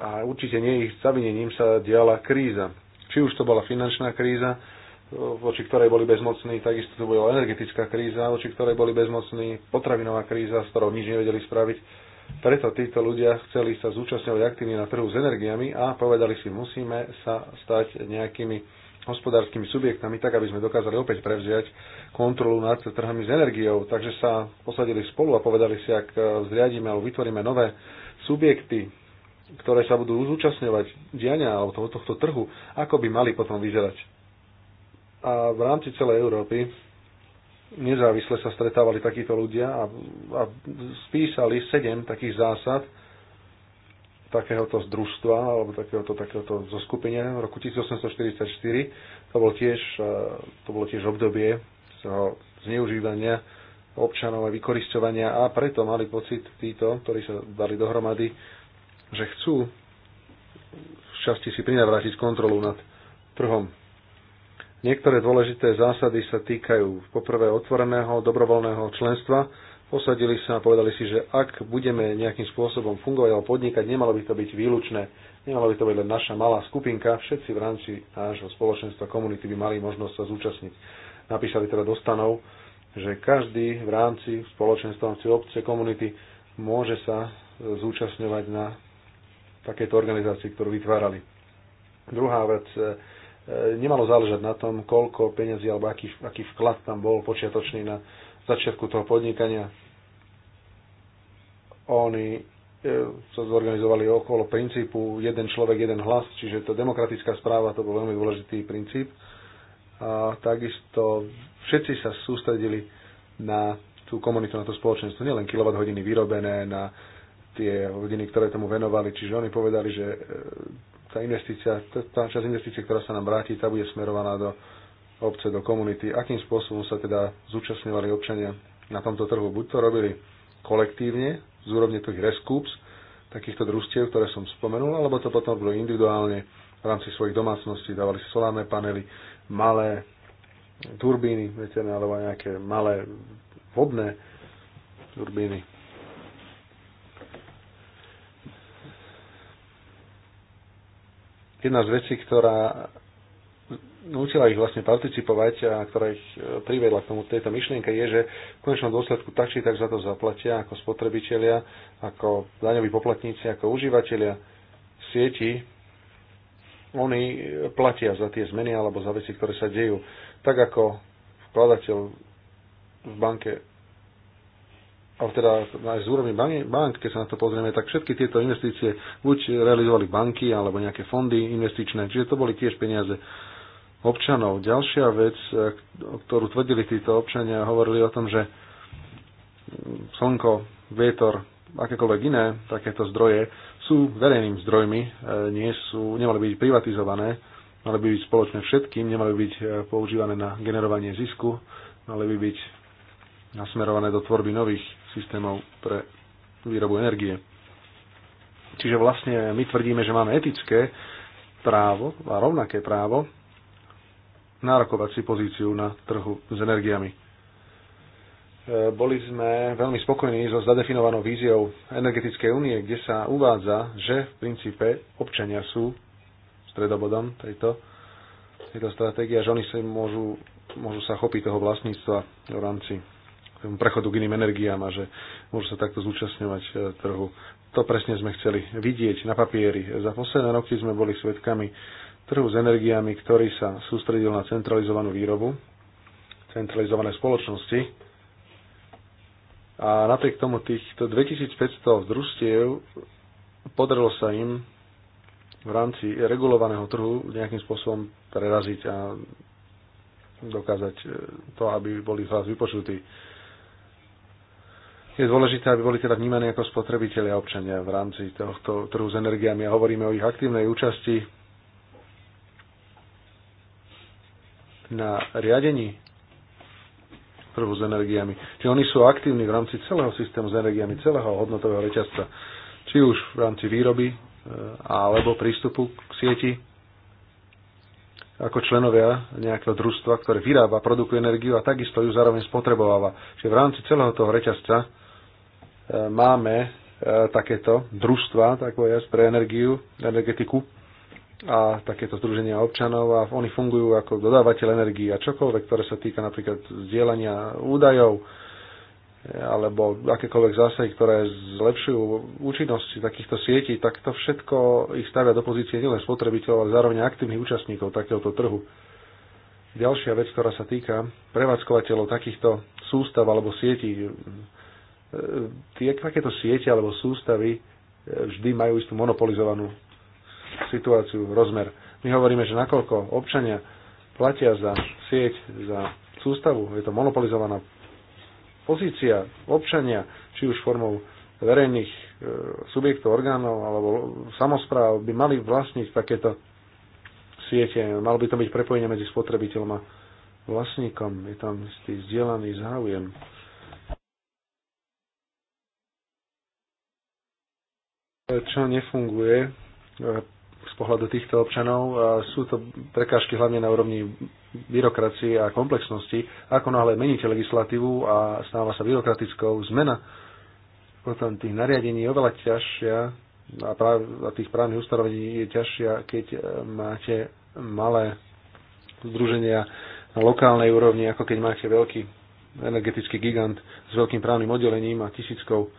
a určite nie ich zavinením sa diala kríza. Či už to bola finančná kríza, voči ktorej boli bezmocní, takisto to bola energetická kríza, voči ktorej boli bezmocní, potravinová kríza, s ktorou nič nevedeli spraviť preto títo ľudia chceli sa zúčastňovať aktívne na trhu s energiami a povedali si, musíme sa stať nejakými hospodárskymi subjektami, tak aby sme dokázali opäť prevziať kontrolu nad trhami s energiou. Takže sa posadili spolu a povedali si, ak zriadíme alebo vytvoríme nové subjekty, ktoré sa budú zúčastňovať diania alebo tohto trhu, ako by mali potom vyzerať. A v rámci celej Európy nezávisle sa stretávali takíto ľudia a, a spísali sedem takých zásad takéhoto združstva alebo takéhoto, takéhoto zoskupenia v roku 1844. To bolo tiež, e, to bolo tiež obdobie zneužívania občanov a vykoristovania a preto mali pocit títo, ktorí sa dali dohromady, že chcú v časti si prinavrátiť kontrolu nad trhom Niektoré dôležité zásady sa týkajú poprvé otvoreného dobrovoľného členstva. Posadili sa a povedali si, že ak budeme nejakým spôsobom fungovať alebo podnikať, nemalo by to byť výlučné, nemalo by to byť len naša malá skupinka, všetci v rámci nášho spoločenstva komunity by mali možnosť sa zúčastniť. Napísali teda do stanov, že každý v rámci spoločenstva, v rámci obce, komunity môže sa zúčastňovať na takéto organizácii, ktorú vytvárali. Druhá vec, E, nemalo záležať na tom, koľko peňazí alebo aký, aký vklad tam bol počiatočný na začiatku toho podnikania. Oni e, sa zorganizovali okolo princípu jeden človek, jeden hlas, čiže to demokratická správa to bol veľmi dôležitý princíp. A takisto všetci sa sústredili na tú komunitu, na to spoločenstvo, nielen kilowatt hodiny vyrobené, na tie hodiny, ktoré tomu venovali. Čiže oni povedali, že e, tá investícia, tá časť investície, ktorá sa nám vráti, tá bude smerovaná do obce, do komunity. Akým spôsobom sa teda zúčastňovali občania na tomto trhu? Buď to robili kolektívne, z úrovne tých reskúps, takýchto družstiev, ktoré som spomenul, alebo to potom bolo individuálne v rámci svojich domácností, dávali si solárne panely, malé turbíny viete, alebo nejaké malé vodné turbíny Jedna z vecí, ktorá nutila ich vlastne participovať a ktorá ich e, privedla k tomu tejto myšlienke je, že v konečnom dôsledku tak či tak za to zaplatia ako spotrebitelia, ako daňoví poplatníci, ako užívateľia sieti. Oni e, platia za tie zmeny alebo za veci, ktoré sa dejú. Tak ako vkladateľ v banke ale teda aj z úrovni bank, keď sa na to pozrieme, tak všetky tieto investície buď realizovali banky alebo nejaké fondy investičné, čiže to boli tiež peniaze občanov. Ďalšia vec, ktorú tvrdili títo občania, hovorili o tom, že slnko, vietor, akékoľvek iné takéto zdroje sú verejným zdrojmi, e, nie sú, nemali byť privatizované, mali by byť spoločné všetkým, nemali by byť e, používané na generovanie zisku, mali by byť nasmerované do tvorby nových systémov pre výrobu energie. Čiže vlastne my tvrdíme, že máme etické právo a rovnaké právo nárokovať si pozíciu na trhu s energiami. E, boli sme veľmi spokojní so zadefinovanou víziou Energetickej únie, kde sa uvádza, že v princípe občania sú stredobodom tejto, tejto stratégie a že oni sa môžu, môžu sa chopiť toho vlastníctva v rámci tomu prechodu k iným energiám a že môžu sa takto zúčastňovať e, trhu. To presne sme chceli vidieť na papieri. Za posledné roky sme boli svedkami trhu s energiami, ktorý sa sústredil na centralizovanú výrobu, centralizované spoločnosti. A napriek tomu týchto 2500 družstiev podarilo sa im v rámci regulovaného trhu nejakým spôsobom preraziť a dokázať e, to, aby boli z vás vypočutí je dôležité, aby boli teda vnímaní ako spotrebitelia občania v rámci tohto trhu s energiami a hovoríme o ich aktívnej účasti na riadení trhu s energiami. či oni sú aktívni v rámci celého systému s energiami, celého hodnotového reťazca, či už v rámci výroby e, alebo prístupu k sieti ako členovia nejakého družstva, ktoré vyrába, produkuje energiu a takisto ju zároveň spotrebováva. Čiže v rámci celého toho reťazca e, máme e, takéto družstva, tak povedať, pre energiu, energetiku a takéto združenia občanov a oni fungujú ako dodávateľ energii a čokoľvek, ktoré sa týka napríklad zdieľania údajov, alebo akékoľvek zásahy, ktoré zlepšujú účinnosť takýchto sietí, tak to všetko ich stavia do pozície nielen spotrebiteľov, ale zároveň aktívnych účastníkov takéhoto trhu. Ďalšia vec, ktorá sa týka prevádzkovateľov takýchto sústav alebo sietí, e, tie, takéto siete alebo sústavy e, vždy majú istú monopolizovanú situáciu, rozmer. My hovoríme, že nakoľko občania platia za sieť, za sústavu, je to monopolizovaná pozícia občania, či už formou verejných e, subjektov, orgánov alebo samozpráv by mali vlastniť takéto siete. Malo by to byť prepojenie medzi spotrebiteľom a vlastníkom. Je tam istý zdieľaný záujem. Čo nefunguje e, pohľadu týchto občanov. Sú to prekážky hlavne na úrovni byrokracie a komplexnosti. Ako náhle meníte legislatívu a stáva sa byrokratickou zmena, potom tých nariadení je oveľa ťažšia a, práv, a tých právnych ustanovení je ťažšia, keď e, máte malé združenia na lokálnej úrovni, ako keď máte veľký energetický gigant s veľkým právnym oddelením a tisíckou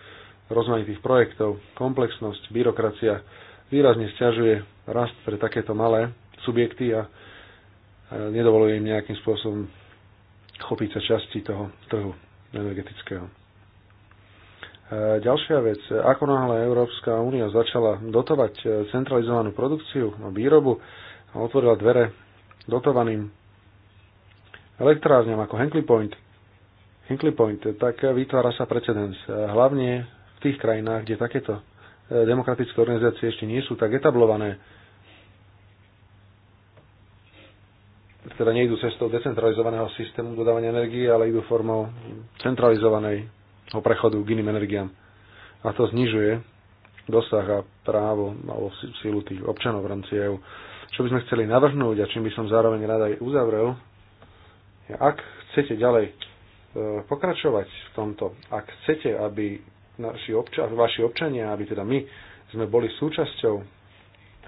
rozmanitých projektov, komplexnosť, byrokracia výrazne sťažuje rast pre takéto malé subjekty a nedovoluje im nejakým spôsobom chopiť sa časti toho trhu energetického. Ďalšia vec, ako náhle Európska únia začala dotovať e, centralizovanú produkciu a výrobu a otvorila dvere dotovaným elektrárňam ako Hinkley Point, Hinkley Point, tak vytvára sa precedens. E, hlavne v tých krajinách, kde takéto E, demokratické organizácie ešte nie sú tak etablované, teda nejdu cestou decentralizovaného systému dodávania energie, ale idú formou centralizovaného prechodu k iným energiám. A to znižuje dosah a právo alebo sílu tých občanov v rámci EU. Čo by sme chceli navrhnúť a čím by som zároveň rád aj uzavrel, ak chcete ďalej e, pokračovať v tomto, ak chcete, aby naši obča, vaši občania, aby teda my sme boli súčasťou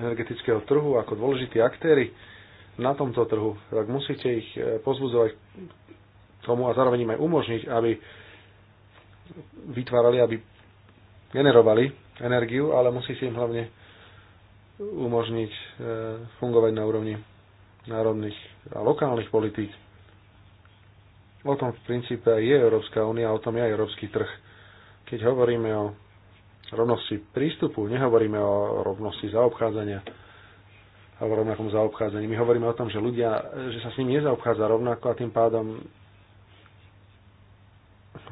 energetického trhu ako dôležití aktéry na tomto trhu, tak musíte ich e, pozbudzovať tomu a zároveň im aj umožniť, aby vytvárali, aby generovali energiu, ale musíte im hlavne umožniť e, fungovať na úrovni národných a lokálnych politík. O tom v princípe je Európska únia, o tom je aj Európsky trh. Keď hovoríme o rovnosti prístupu, nehovoríme o rovnosti zaobchádzania alebo rovnakom zaobchádzaní. My hovoríme o tom, že ľudia, že sa s nimi nezaobchádza rovnako a tým pádom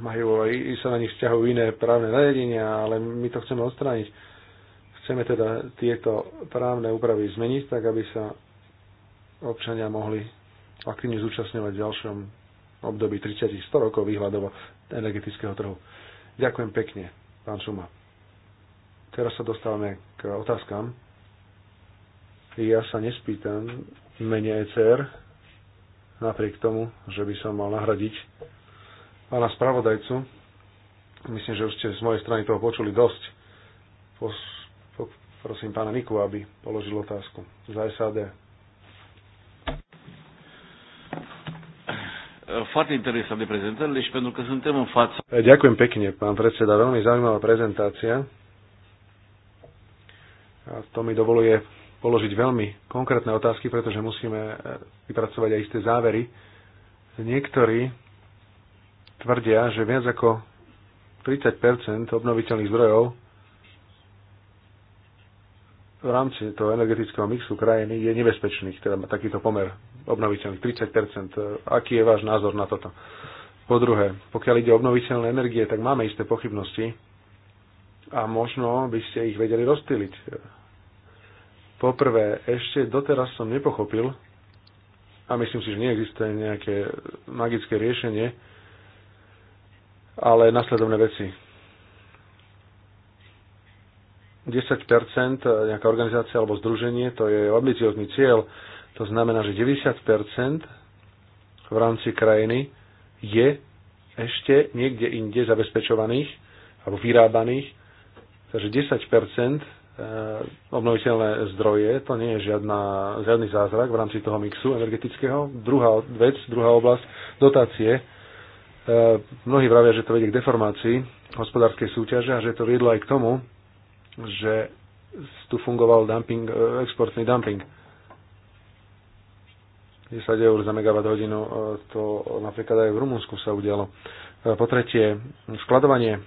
majú, aj sa na nich vzťahujú iné právne nariadenia, ale my to chceme odstrániť. Chceme teda tieto právne úpravy zmeniť, tak aby sa občania mohli aktívne zúčastňovať v ďalšom období 30-100 rokov výhľadovo energetického trhu. Ďakujem pekne, pán Šuma. Teraz sa dostávame k otázkam. Ja sa nespýtam mene ECR, napriek tomu, že by som mal nahradiť pána spravodajcu. Myslím, že už ste z mojej strany toho počuli dosť. Pos, po, prosím pána Miku, aby položil otázku za SAD. Eh, foarte interesat de prezentările și pentru că suntem în față. Eh, ďakujem pekne, pán predseda. Veľmi zaujímavá prezentácia. A to mi dovoluje položiť veľmi konkrétne otázky, pretože musíme eh, vypracovať aj isté závery. Niektorí tvrdia, že viac ako 30 obnoviteľných zdrojov v rámci toho energetického mixu krajiny je nebezpečných, teda má takýto pomer obnoviteľných 30 Aký je váš názor na toto? Po druhé, pokiaľ ide o obnoviteľné energie, tak máme isté pochybnosti a možno by ste ich vedeli rozptýliť. Poprvé, ešte doteraz som nepochopil, a myslím si, že neexistuje nejaké magické riešenie, ale nasledovné veci. 10% nejaká organizácia alebo združenie, to je ambiciózny cieľ, to znamená, že 90 v rámci krajiny je ešte niekde inde zabezpečovaných alebo vyrábaných. Takže 10 eh, obnoviteľné zdroje, to nie je žiadna, žiadny zázrak v rámci toho mixu energetického. Druhá vec, druhá oblasť, dotácie. Eh, mnohí vravia, že to vedie k deformácii hospodárskej súťaže a že to viedlo aj k tomu, že tu fungoval dumping, eh, exportný dumping. 10 eur za megawatt hodinu, e, to napríklad aj v Rumunsku sa udialo. E, po tretie, skladovanie,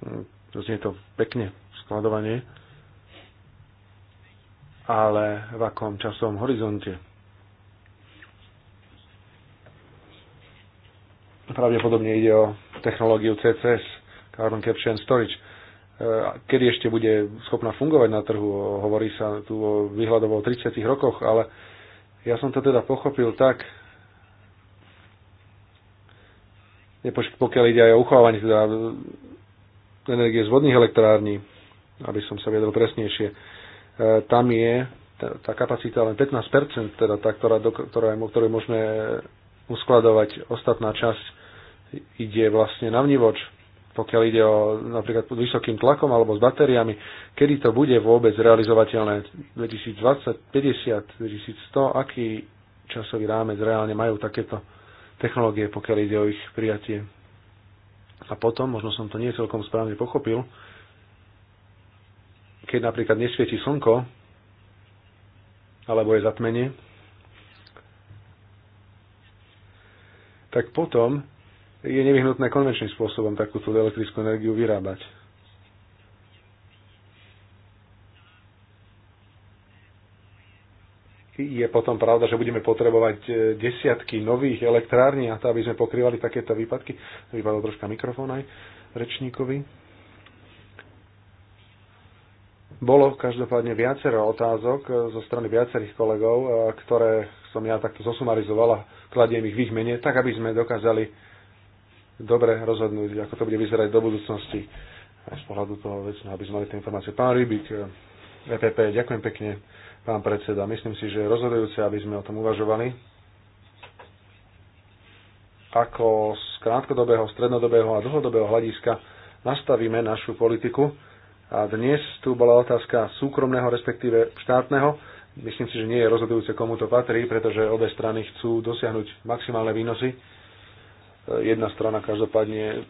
hm, znie to pekne, skladovanie, ale v akom časovom horizonte. Pravdepodobne ide o technológiu CCS, Carbon Capture and Storage, e, kedy ešte bude schopná fungovať na trhu. Hovorí sa tu o výhľadovo 30 rokoch, ale ja som to teda pochopil tak, pokiaľ ide aj o uchovávanie teda energie z vodných elektrární, aby som sa viedol presnejšie, e, tam je tá kapacita len 15%, teda tá, ktorá, do, ktorá, o ktorej môžeme uskladovať. Ostatná časť ide vlastne na vnívoč, pokiaľ ide o napríklad pod vysokým tlakom alebo s batériami, kedy to bude vôbec realizovateľné? 2020, 50, 2100, aký časový rámec reálne majú takéto technológie, pokiaľ ide o ich prijatie? A potom, možno som to nie celkom správne pochopil, keď napríklad nesvieti slnko, alebo je zatmenie, tak potom je nevyhnutné konvenčným spôsobom takúto elektrickú energiu vyrábať. je potom pravda, že budeme potrebovať e, desiatky nových elektrární a to, aby sme pokrývali takéto výpadky. Vypadol troška mikrofón aj rečníkovi. Bolo každopádne viacero otázok e, zo strany viacerých kolegov, e, ktoré som ja takto zosumarizovala, kladiem ich v ich mene, tak aby sme dokázali dobre rozhodnúť, ako to bude vyzerať do budúcnosti aj z pohľadu toho vecného, aby sme mali tie informácie. Pán Rybik, EPP, ďakujem pekne, pán predseda. Myslím si, že je rozhodujúce, aby sme o tom uvažovali. Ako z krátkodobého, strednodobého a dlhodobého hľadiska nastavíme našu politiku. A dnes tu bola otázka súkromného, respektíve štátneho. Myslím si, že nie je rozhodujúce, komu to patrí, pretože obe strany chcú dosiahnuť maximálne výnosy jedna strana každopádne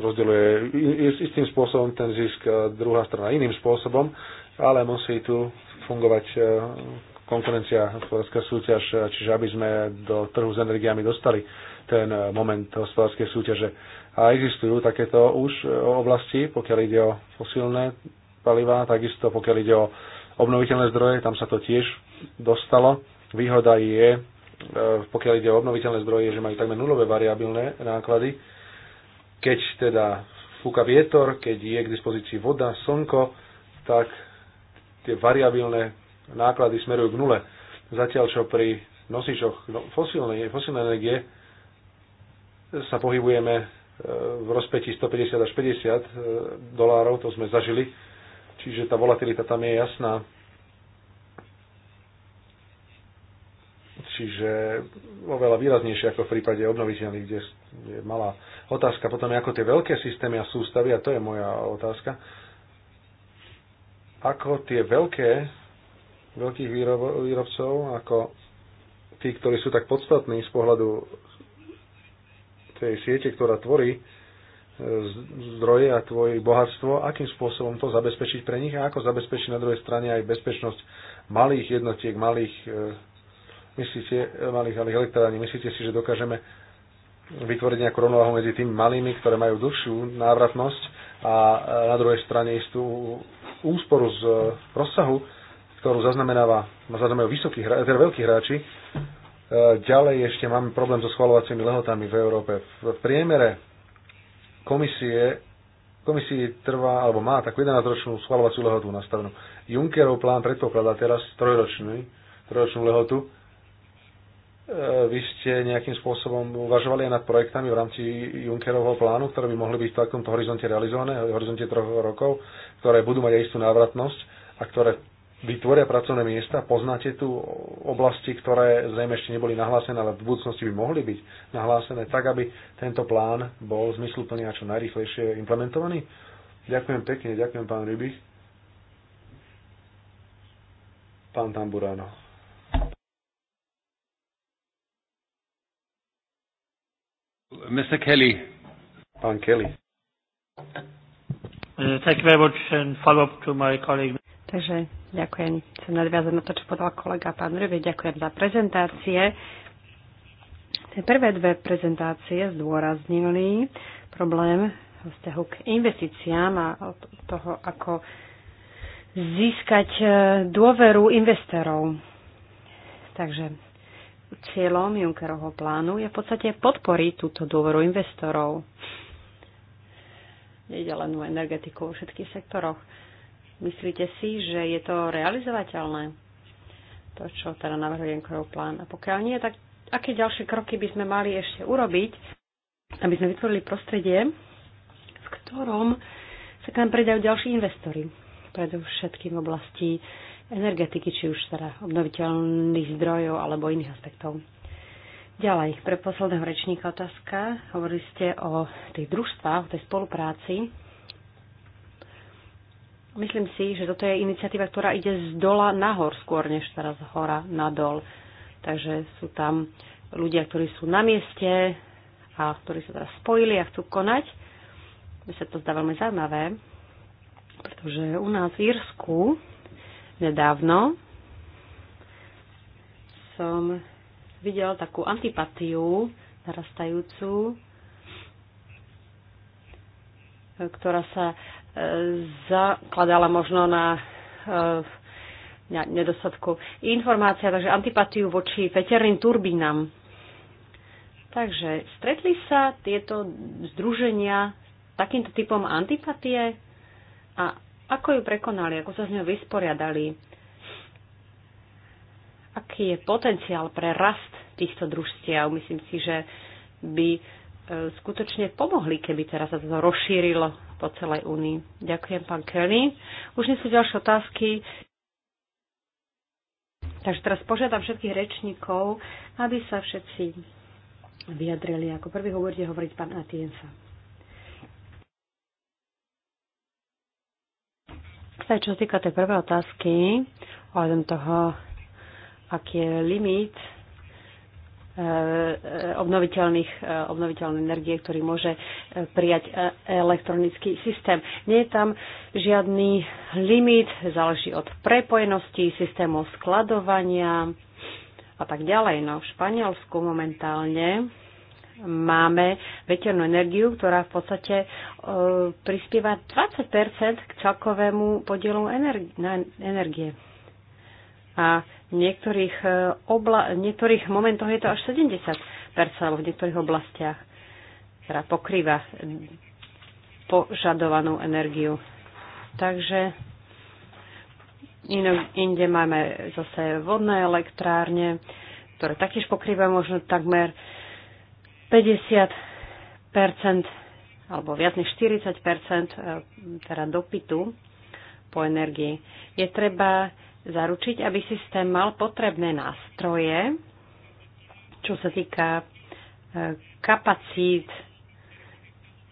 rozdeluje istým spôsobom ten zisk, druhá strana iným spôsobom, ale musí tu fungovať e, konkurencia, hospodárska súťaž, e, čiže aby sme do trhu s energiami dostali ten e, moment hospodárskej súťaže. A existujú takéto už oblasti, pokiaľ ide o fosílne palivá, takisto pokiaľ ide o obnoviteľné zdroje, tam sa to tiež dostalo. Výhoda je E, pokiaľ ide o obnoviteľné zdroje, že majú takmer nulové variabilné náklady. Keď teda fúka vietor, keď je k dispozícii voda, slnko, tak tie variabilné náklady smerujú k nule. Zatiaľ, čo pri nosičoch no, fosílnej, fosílnej energie sa pohybujeme e, v rozpetí 150 až 50 e, dolárov, to sme zažili, čiže tá volatilita tam je jasná. čiže oveľa výraznejšie ako v prípade obnoviteľných, kde je malá otázka. Potom je ako tie veľké systémy a sústavy, a to je moja otázka, ako tie veľké, veľkých výrob, výrobcov, ako tí, ktorí sú tak podstatní z pohľadu tej siete, ktorá tvorí e, zdroje a tvoje bohatstvo, akým spôsobom to zabezpečiť pre nich a ako zabezpečiť na druhej strane aj bezpečnosť malých jednotiek, malých e, Myslíte, malých, malých elektrární, myslíte si, že dokážeme vytvoriť nejakú rovnováhu medzi tými malými, ktoré majú dlhšiu návratnosť a na druhej strane istú úsporu z e, rozsahu, ktorú zaznamenáva, zaznamenajú vysokí, teda veľkí hráči. E, ďalej ešte máme problém so schvalovacími lehotami v Európe. V priemere komisie komisii trvá, alebo má takú 11-ročnú schvalovaciu lehotu nastavenú. Junckerov plán predpokladá teraz trojročnú, trojročnú lehotu E, vy ste nejakým spôsobom uvažovali aj nad projektami v rámci Junckerovho plánu, ktoré by mohli byť v takomto horizonte realizované, v horizonte troch rokov, ktoré budú mať aj istú návratnosť a ktoré vytvoria pracovné miesta. Poznáte tu oblasti, ktoré zrejme ešte neboli nahlásené, ale v budúcnosti by mohli byť nahlásené, tak aby tento plán bol zmysluplne a čo najrychlejšie implementovaný? Ďakujem pekne, ďakujem pán Rybich. Pán Tamburano. Mr. Kelly. Pán Kelly. Uh, thank you very much and follow up to my colleague. Takže ďakujem. Chcem nadviazať na to, čo podal kolega pán Rybe. Ďakujem za prezentácie. Tie prvé dve prezentácie zdôraznili problém vo vzťahu k investíciám a toho, ako získať eh, dôveru investorov. Takže cieľom Junckerovho plánu je v podstate podporiť túto dôveru investorov. Nejde len o energetiku vo všetkých sektoroch. Myslíte si, že je to realizovateľné? To, čo teda navrhuje Junckerov plán. A pokiaľ nie, tak aké ďalšie kroky by sme mali ešte urobiť, aby sme vytvorili prostredie, v ktorom sa k nám predajú ďalší investori, predovšetkým v oblasti energetiky, či už teda obnoviteľných zdrojov alebo iných aspektov. Ďalej, pre posledného rečníka otázka. Hovorili ste o tých družstvách, o tej spolupráci. Myslím si, že toto je iniciatíva, ktorá ide z dola nahor skôr, než teraz z hora nadol. Takže sú tam ľudia, ktorí sú na mieste a ktorí sa teraz spojili a chcú konať. My sa to zdá veľmi zaujímavé, pretože u nás v Írsku nedávno som videl takú antipatiu narastajúcu, ktorá sa e, zakladala možno na e, nedostatku informácia, takže antipatiu voči veterným turbínam. Takže stretli sa tieto združenia s takýmto typom antipatie a ako ju prekonali, ako sa s ňou vysporiadali? Aký je potenciál pre rast týchto družstiev? Myslím si, že by e, skutočne pomohli, keby teraz sa to rozšírilo po celej únii. Ďakujem, pán Kelly. Už nie sú ďalšie otázky. Takže teraz požiadam všetkých rečníkov, aby sa všetci vyjadrili. Ako prvý hovoríte hovoriť pán Atiensa. Teda, čo sa týka tej prvej otázky, ohľadom toho, aký je limit eh, obnoviteľných, eh, obnoviteľnej energie, ktorý môže eh, prijať elektronický systém. Nie je tam žiadny limit, záleží od prepojenosti, systému skladovania a tak ďalej. No, v Španielsku momentálne máme veternú energiu, ktorá v podstate e, prispieva 20 k celkovému podielu energi- na energie. A v niektorých, e, obla- v niektorých momentoch je to až 70 alebo v niektorých oblastiach, ktorá pokrýva požadovanú energiu. Takže ino, inde máme zase vodné elektrárne, ktoré taktiež pokrýva možno takmer 50 alebo viac než 40 e, teda dopytu po energii. Je treba zaručiť, aby systém mal potrebné nástroje, čo sa týka e, kapacít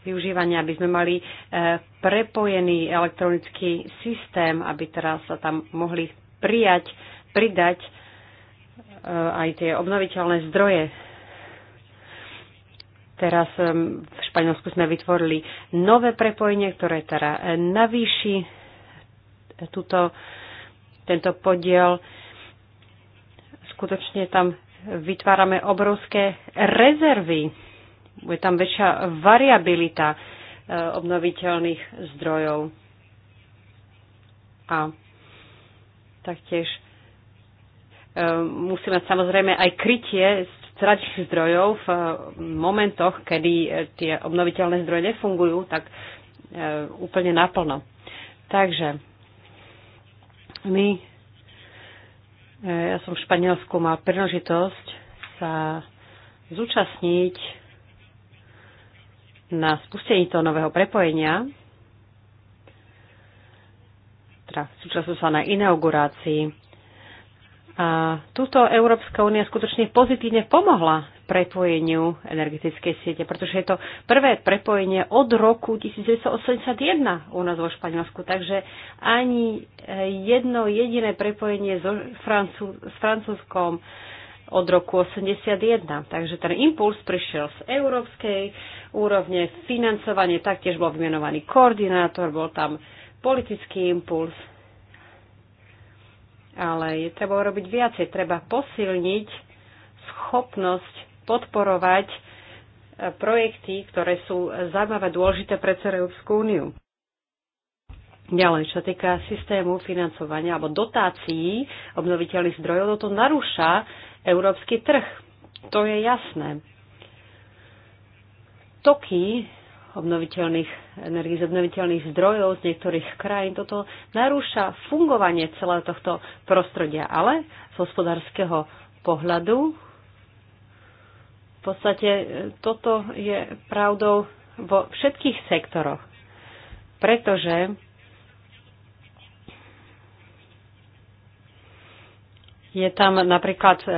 využívania, aby sme mali e, prepojený elektronický systém, aby teraz sa tam mohli prijať, pridať aj tie obnoviteľné zdroje Teraz v Španielsku sme vytvorili nové prepojenie, ktoré teda e, navýši túto, tento podiel. Skutočne tam vytvárame obrovské rezervy. Je tam väčšia variabilita e, obnoviteľných zdrojov. A taktiež e, musíme samozrejme aj krytie z tradičných zdrojov v eh, momentoch, kedy eh, tie obnoviteľné zdroje nefungujú, tak eh, úplne naplno. Takže my, ja som v Španielsku mal príležitosť sa zúčastniť na spustení toho nového prepojenia. Teda súčasnú sa na inaugurácii a tuto Európska únia skutočne pozitívne pomohla prepojeniu energetickej siete, pretože je to prvé prepojenie od roku 1981 u nás vo Španielsku, takže ani eh, jedno jediné prepojenie so Francú, s Francúzskom od roku 81. Takže ten impuls prišiel z európskej úrovne, financovanie taktiež bol vymenovaný koordinátor, bol tam politický impuls ale je treba urobiť viacej. Treba posilniť schopnosť podporovať e, projekty, ktoré sú zaujímavé dôležité pre celú Európsku úniu. Ďalej, čo týka systému financovania alebo dotácií obnoviteľných zdrojov, to narúša európsky trh. To je jasné. Toky obnoviteľných energií z obnoviteľných zdrojov z niektorých krajín. Toto narúša fungovanie celého tohto prostredia, ale z hospodárskeho pohľadu v podstate e, toto je pravdou vo všetkých sektoroch, pretože Je tam napríklad e,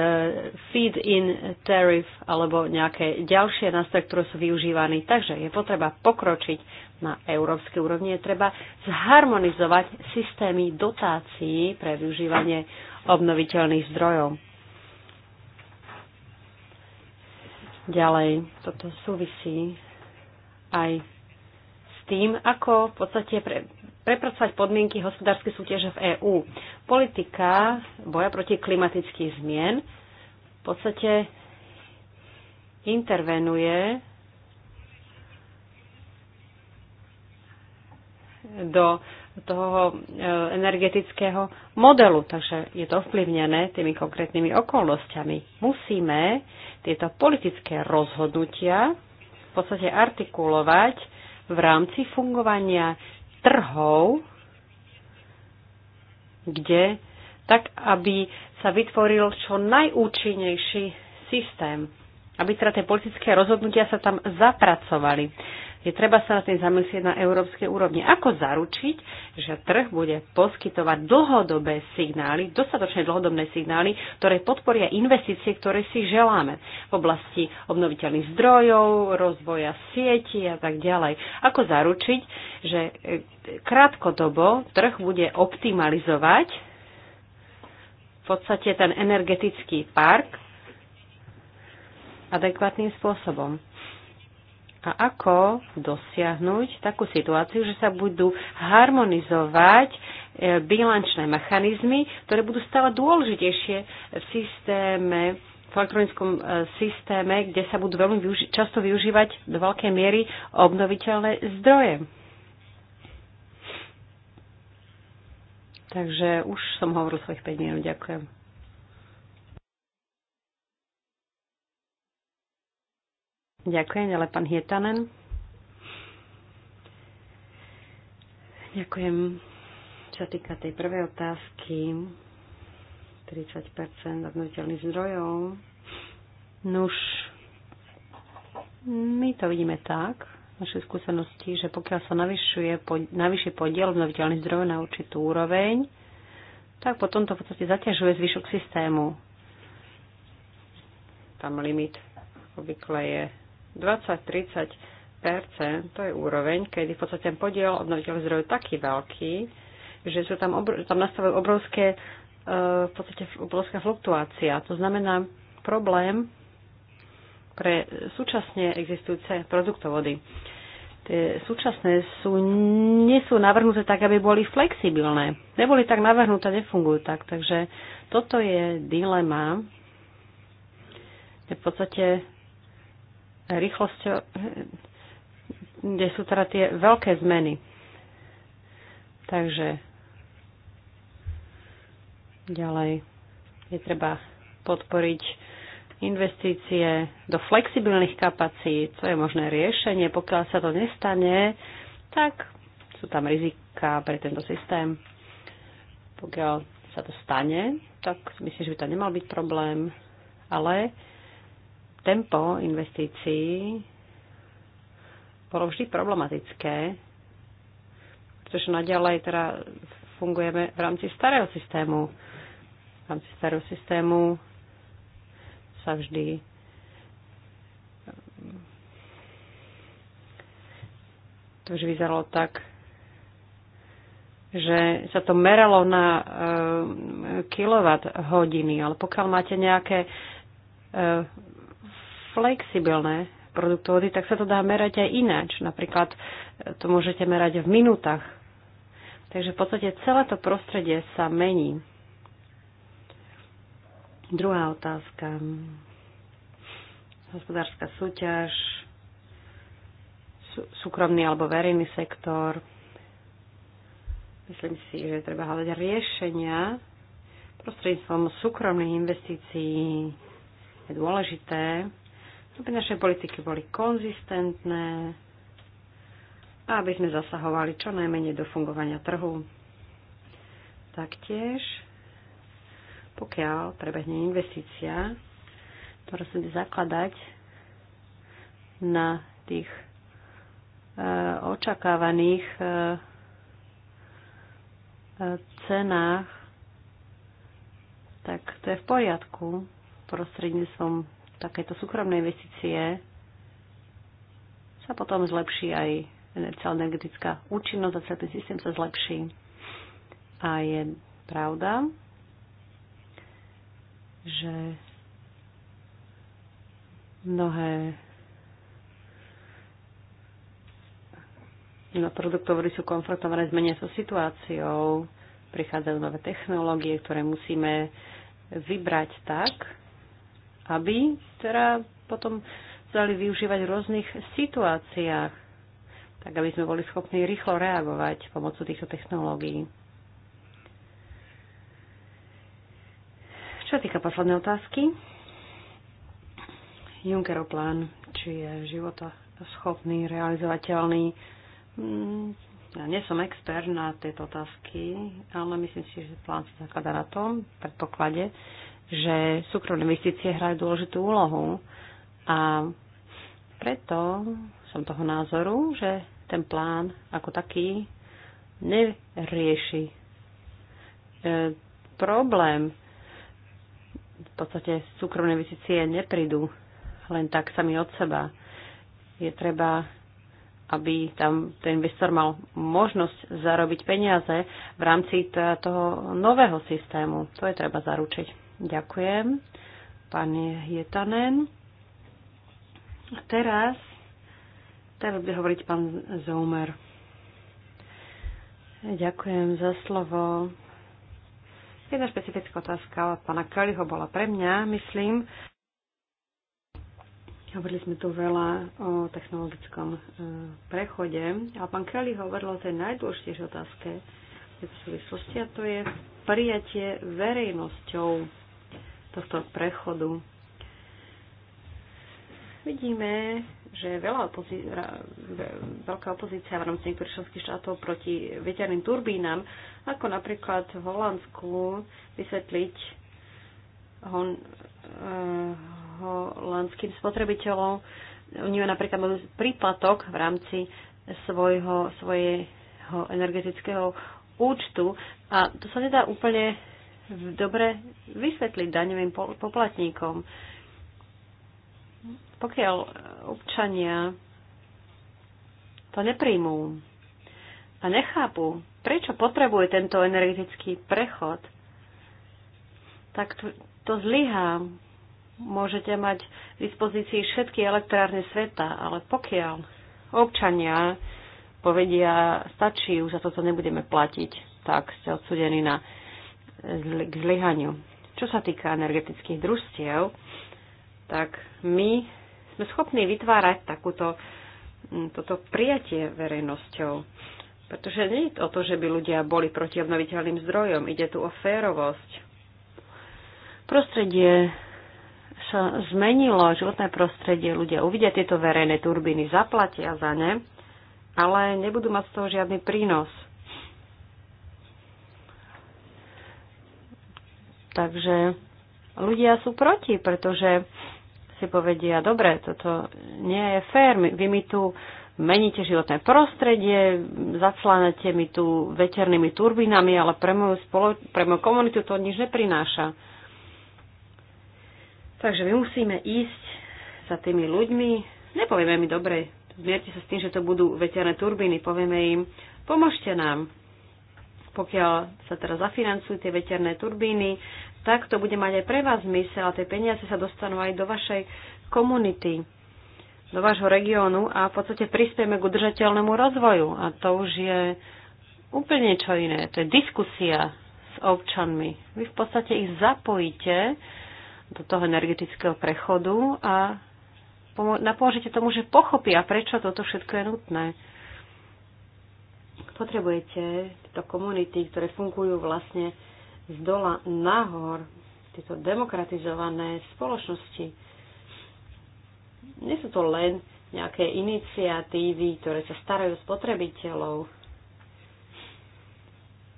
feed-in tariff alebo nejaké ďalšie nástroje, ktoré sú využívané. Takže je potreba pokročiť na európskej úrovni. Je treba zharmonizovať systémy dotácií pre využívanie obnoviteľných zdrojov. Ďalej, toto súvisí aj s tým, ako v podstate pre, prepracovať podmienky hospodárskej súťaže v EÚ. Politika boja proti klimatických zmien v podstate intervenuje do toho e, energetického modelu. Takže je to ovplyvnené tými konkrétnymi okolnostiami. Musíme tieto politické rozhodnutia v podstate artikulovať v rámci fungovania trhov, kde tak, aby sa vytvoril čo najúčinnejší systém, aby teda tie politické rozhodnutia sa tam zapracovali je treba sa nad tým zamyslieť na európskej úrovni. Ako zaručiť, že trh bude poskytovať dlhodobé signály, dostatočne dlhodobné signály, ktoré podporia investície, ktoré si želáme v oblasti obnoviteľných zdrojov, rozvoja sieti a tak ďalej. Ako zaručiť, že e, krátkodobo trh bude optimalizovať v podstate ten energetický park adekvátnym spôsobom a ako dosiahnuť takú situáciu, že sa budú harmonizovať e, bilančné mechanizmy, ktoré budú stále dôležitejšie v systéme v elektronickom e, systéme, kde sa budú veľmi využi- často využívať do veľkej miery obnoviteľné zdroje. Takže už som hovoril svojich 5 minút. Ďakujem. Ďakujem, ale pán Hietanen. Ďakujem. Čo sa týka tej prvej otázky, 30% obnoviteľných zdrojov. Nuž, my to vidíme tak, našej skúsenosti, že pokiaľ sa navyšuje, po, navyšuje podiel obnoviteľných zdrojov na určitú úroveň, tak potom to v podstate zaťažuje zvyšok systému. Tam limit obvykle je 20-30 to je úroveň, kedy v podstate ten podiel obnoviteľných zdrojov je taký veľký, že sú tam, obr- tam nastavujú obrovské, e, v podstate obrovská fluktuácia. To znamená problém pre súčasne existujúce produktovody. Tie súčasné sú, nie sú navrhnuté tak, aby boli flexibilné. Neboli tak navrhnuté, nefungujú tak. Takže toto je dilema, v podstate rýchlosťou, kde sú teda tie veľké zmeny. Takže ďalej je treba podporiť investície do flexibilných kapacít, co je možné riešenie. Pokiaľ sa to nestane, tak sú tam rizika pre tento systém. Pokiaľ sa to stane, tak myslím, že by to nemal byť problém, ale tempo investícií bolo vždy problematické, pretože naďalej teda fungujeme v rámci starého systému. V rámci starého systému sa vždy to už vyzeralo tak, že sa to meralo na e, kilowatt hodiny, ale pokiaľ máte nejaké eh, flexibilné produktovody, tak sa to dá merať aj ináč. Napríklad e, to môžete merať v minútach. Takže v podstate celé to prostredie sa mení. Druhá otázka. Hospodárska súťaž, súkromný alebo verejný sektor. Myslím si, že treba hľadať riešenia prostredníctvom súkromných investícií. Je dôležité, aby naše politiky boli konzistentné a aby sme zasahovali čo najmenej do fungovania trhu. Taktiež, pokiaľ prebehne investícia, ktorá sa bude zakladať na tých e, očakávaných e, e cenách, tak to je v poriadku prostredníctvom takéto súkromné investície sa potom zlepší aj celá energetická účinnosť a celý ten systém sa zlepší. A je pravda, že mnohé na produktov, ktorí sú konfrontované s so situáciou, prichádzajú nové technológie, ktoré musíme vybrať tak, aby teda potom chceli využívať v rôznych situáciách, tak aby sme boli schopní rýchlo reagovať pomocou týchto technológií. Čo týka poslednej otázky, Junckerov plán, či je života schopný, realizovateľný. Mm, ja nie som expert na tieto otázky, ale myslím si, že plán sa zakladá na tom predpoklade, že súkromné investície hrajú dôležitú úlohu a preto som toho názoru, že ten plán ako taký nerieši e, problém. V podstate súkromné investície neprídu len tak sami od seba. Je treba, aby tam ten investor mal možnosť zarobiť peniaze v rámci toho nového systému. To je treba zaručiť. Ďakujem, pán Jetanen. A teraz, teraz bude hovoriť pán Zoumer. Ďakujem za slovo. Jedna špecifická otázka od pána Kaliho bola pre mňa, myslím. Hovorili sme tu veľa o technologickom e, prechode, ale pán Kelly hovoril o tej najdôležitejšej otázke v tejto súvislosti a to je prijatie verejnosťou tohto prechodu. Vidíme, že veľa opozi- veľká opozícia v rámci niektorých členských štátov proti veterným turbínam, ako napríklad v Holandsku, vysvetliť hon- uh, holandským spotrebiteľom, oni nich napríklad majú príplatok v rámci svojho, svojho energetického účtu a to sa nedá úplne dobre vysvetliť daňovým poplatníkom. Pokiaľ občania to nepríjmú a nechápu, prečo potrebuje tento energetický prechod, tak to, to zlyhá. Môžete mať v dispozícii všetky elektrárne sveta, ale pokiaľ občania povedia, stačí, už za toto nebudeme platiť, tak ste odsudení na k zlyhaniu. Čo sa týka energetických družstiev, tak my sme schopní vytvárať takúto toto prijatie verejnosťou. Pretože nie je o to, že by ľudia boli proti obnoviteľným zdrojom. Ide tu o férovosť. Prostredie sa zmenilo, životné prostredie. Ľudia uvidia tieto verejné turbíny, zaplatia za ne, ale nebudú mať z toho žiadny prínos. Takže ľudia sú proti, pretože si povedia, dobre, toto nie je fér, vy mi tu meníte životné prostredie, zaclánate mi tu veternými turbínami, ale pre moju, spolo- pre moju komunitu to nič neprináša. Takže my musíme ísť sa tými ľuďmi, nepovieme mi dobre, zmierte sa s tým, že to budú veterné turbíny, povieme im, pomôžte nám, pokiaľ sa teraz zafinancujú tie veterné turbíny, tak to bude mať aj pre vás zmysel a tie peniaze sa dostanú aj do vašej komunity, do vášho regiónu a v podstate prispieme k udržateľnému rozvoju. A to už je úplne čo iné. To je diskusia s občanmi. Vy v podstate ich zapojíte do toho energetického prechodu a napomôžete tomu, že pochopia, prečo toto všetko je nutné. Potrebujete tieto komunity, ktoré fungujú vlastne z dola nahor, tieto demokratizované spoločnosti. Nie sú to len nejaké iniciatívy, ktoré sa starajú spotrebiteľov.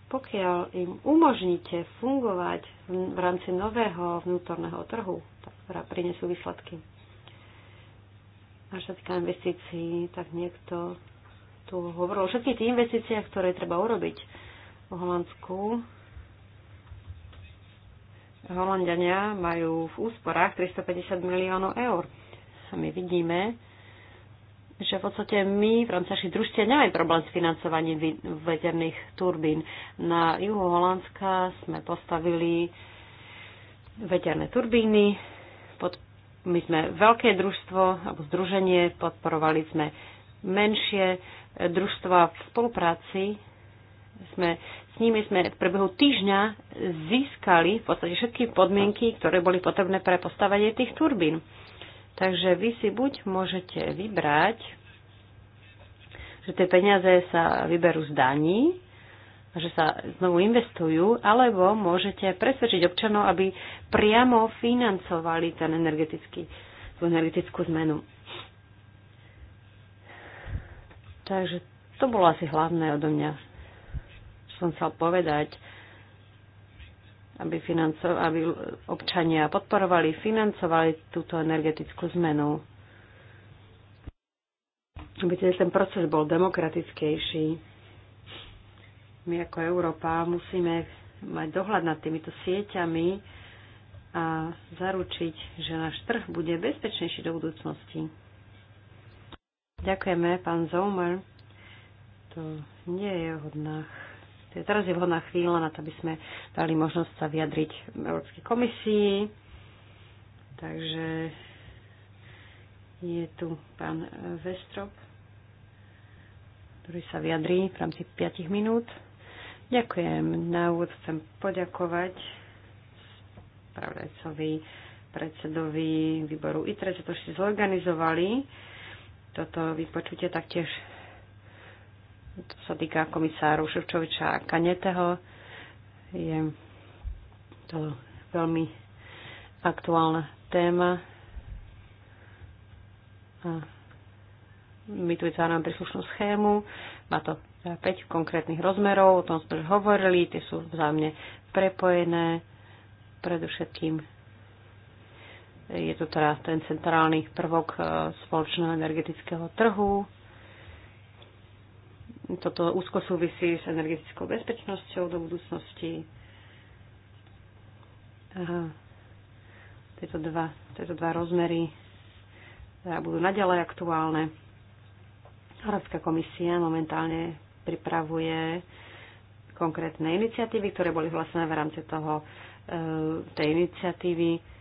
Pokiaľ im umožníte fungovať v rámci nového vnútorného trhu, ktorá prinesú výsledky. A čo sa týka investícií, tak niekto tu hovoril o všetkých tých investíciách, ktoré treba urobiť v Holandsku. Holandiania majú v úsporách 350 miliónov eur. A my vidíme, že v podstate my v rámci našich nemáme problém s financovaním veterných turbín. Na juhu Holandska sme postavili veterné turbíny, pod, my sme veľké družstvo alebo združenie, podporovali sme menšie družstva v spolupráci sme, s nimi sme v priebehu týždňa získali v podstate všetky podmienky, ktoré boli potrebné pre postavenie tých turbín. Takže vy si buď môžete vybrať, že tie peniaze sa vyberú z daní, že sa znovu investujú, alebo môžete presvedčiť občanov, aby priamo financovali ten energetický, tú energetickú zmenu. Takže to bolo asi hlavné odo mňa, čo som chcel povedať, aby, financo, aby občania podporovali, financovali túto energetickú zmenu. Aby teda ten proces bol demokratickejší. My ako Európa musíme mať dohľad nad týmito sieťami a zaručiť, že náš trh bude bezpečnejší do budúcnosti. Ďakujeme, pán Zomer. To nie je hodná. Teraz je vhodná chvíľa na to, aby sme dali možnosť sa vyjadriť Európskej komisii. Takže je tu pán e, Vestrop, ktorý sa vyjadrí v rámci 5 minút. Ďakujem. Na úvod chcem poďakovať spravodajcovi, predsedovi výboru ITRE, že to, že si zorganizovali toto vypočutie taktiež to sa týka komisáru Ševčoviča a Kaneteho. Je to veľmi aktuálna téma. A my tu vytvárame príslušnú schému. Má to 5 konkrétnych rozmerov, o tom sme už hovorili, tie sú vzájomne prepojené. Predovšetkým je to teda ten centrálny prvok e, spoločného energetického trhu. Toto úzko súvisí s energetickou bezpečnosťou do budúcnosti. E, tieto dva, tieto dva rozmery teda budú naďalej aktuálne. Európska komisia momentálne pripravuje konkrétne iniciatívy, ktoré boli vlastné v rámci toho, e, tej iniciatívy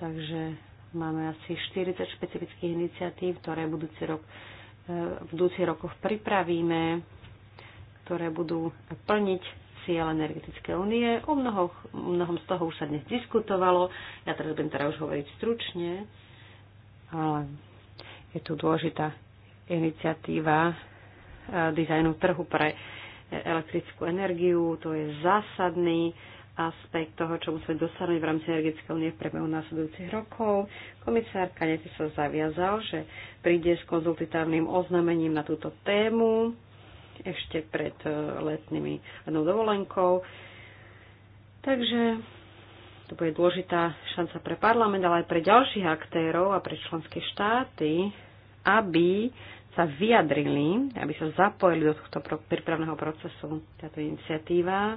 Takže máme asi 40 špecifických iniciatív, ktoré budúci rok, e, v budúcich rokoch pripravíme, ktoré budú plniť cieľ energetické únie. O mnohoch, mnohom z toho už sa dnes diskutovalo. Ja teraz budem teda už hovoriť stručne, ale je tu dôležitá iniciatíva e, dizajnu trhu pre elektrickú energiu. To je zásadný aspekt toho, čo musíme dosiahnuť v rámci energetického nie v priebehu následujúcich rokov. Komisár Kanety sa zaviazal, že príde s konzultitárnym oznámením na túto tému ešte pred e, letnými letnou dovolenkou. Takže to bude dôležitá šanca pre parlament, ale aj pre ďalších aktérov a pre členské štáty, aby sa vyjadrili, aby sa zapojili do tohto prípravného procesu. Táto iniciatíva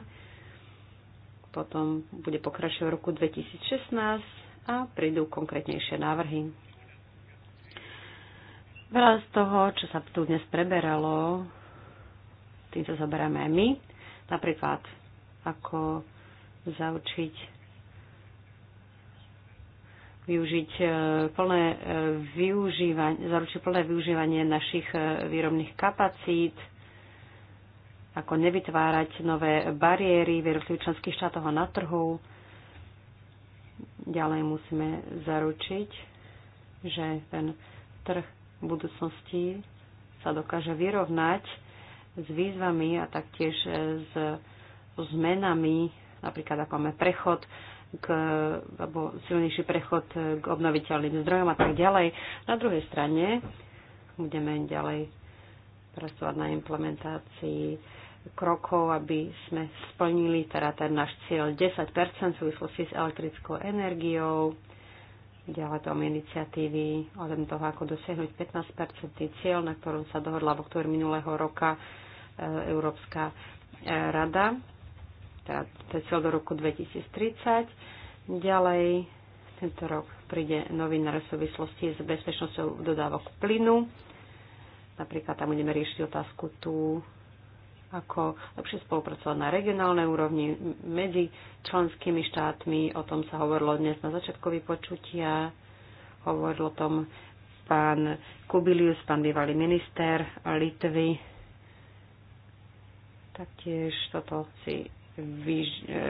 potom bude pokračovať v roku 2016 a prídu konkrétnejšie návrhy. Veľa z toho, čo sa tu dnes preberalo, tým sa zaberáme aj my. Napríklad, ako zaučiť využiť e, plné e, využívanie, zaručiť plné využívanie našich e, výrobných kapacít, ako nevytvárať nové bariéry v jednotlivých členských štátoch a na trhu. Ďalej musíme zaručiť, že ten trh v budúcnosti sa dokáže vyrovnať s výzvami a taktiež s zmenami, napríklad ako máme prechod k, alebo silnejší prechod k obnoviteľným zdrojom a tak ďalej. Na druhej strane budeme ďalej pracovať na implementácii krokov, aby sme splnili teda ten náš cieľ 10% v súvislosti s elektrickou energiou. Ďalej tam iniciatívy ohľadom toho, ako dosiahnuť 15% cieľ, na ktorom sa dohodla v októbri minulého roka e, Európska e, rada. Teda to je cieľ do roku 2030. Ďalej tento rok príde nový v súvislosti s bezpečnosťou dodávok plynu. Napríklad tam budeme riešiť otázku tu ako lepšie spolupracovať na regionálnej úrovni medzi členskými štátmi. O tom sa hovorilo dnes na začiatku vypočutia. Hovoril o tom pán Kubilius, pán bývalý minister Litvy. Taktiež toto si vyž, e,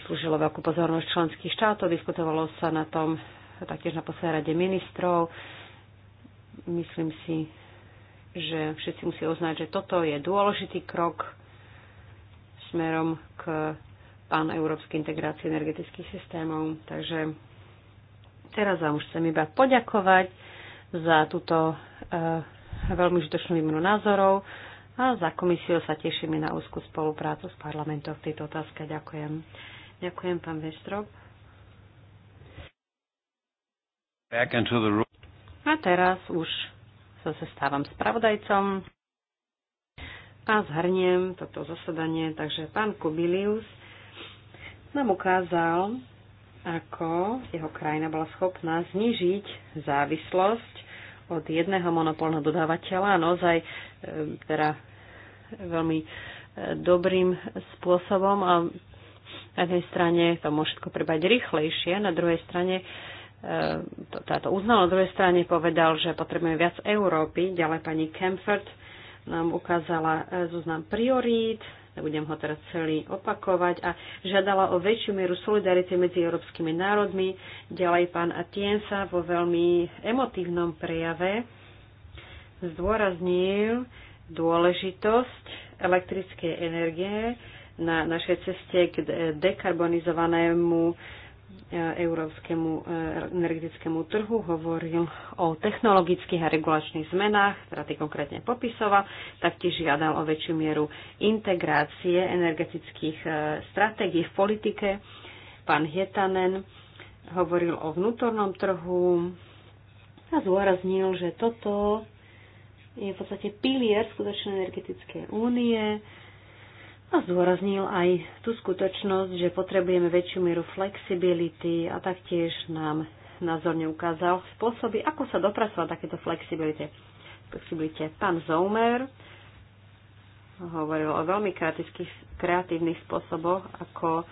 vyslúžilo veľkú pozornosť členských štátov. Diskutovalo sa na tom taktiež na poslednej rade ministrov. Myslím si, že všetci musia uznať, že toto je dôležitý krok smerom k pán európskej integrácii energetických systémov. Takže teraz vám už chcem iba poďakovať za túto e, veľmi užitočnú výmenu názorov a za komisiu sa tešíme na úzkú spoluprácu s parlamentom v tejto otázke. Ďakujem. Ďakujem, pán Vestrov. A teraz už sa stávam spravodajcom a zhrniem toto zasadanie. Takže pán Kubilius nám ukázal, ako jeho krajina bola schopná znižiť závislosť od jedného monopolného dodávateľa a naozaj e, teda e, veľmi e, dobrým spôsobom a na jednej strane to môže všetko prebať rýchlejšie, na druhej strane táto uznal, Na druhej strane povedal, že potrebujeme viac Európy. Ďalej pani Kempfert nám ukázala e, zoznam priorít, nebudem ho teraz celý opakovať, a žiadala o väčšiu mieru solidarity medzi európskymi národmi. Ďalej pán Atienza vo veľmi emotívnom prejave zdôraznil dôležitosť elektrickej energie na našej ceste k dekarbonizovanému E, európskemu e, energetickému trhu, hovoril o technologických a regulačných zmenách, ktorá ty konkrétne popisoval, taktiež žiadal o väčšiu mieru integrácie energetických e, stratégií v politike. Pán Hietanen hovoril o vnútornom trhu a zdôraznil, že toto je v podstate pilier skutočnej energetickej únie, a zdôraznil aj tú skutočnosť, že potrebujeme väčšiu mieru flexibility a taktiež nám názorne ukázal spôsoby, ako sa dopracovať takéto flexibility. flexibility. Pán Zoumer hovoril o veľmi kreatívnych spôsoboch, ako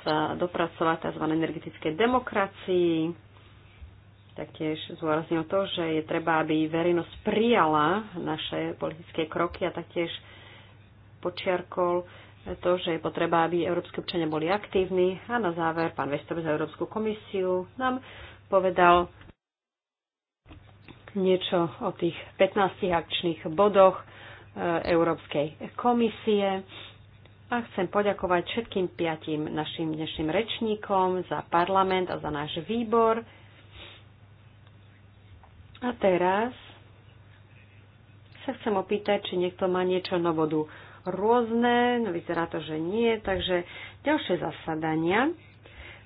sa dopracovať tzv. energetické demokracii. Taktiež zdôraznil to, že je treba, aby verejnosť prijala naše politické kroky a taktiež počiarkol to, že je potreba, aby európske občania boli aktívni a na záver pán Vestov za Európsku komisiu nám povedal niečo o tých 15 akčných bodoch eh, Európskej komisie. A chcem poďakovať všetkým piatim našim dnešným rečníkom za parlament a za náš výbor. A teraz sa chcem opýtať, či niekto má niečo na vodu rôzne, no vyzerá to, že nie, takže ďalšie zasadania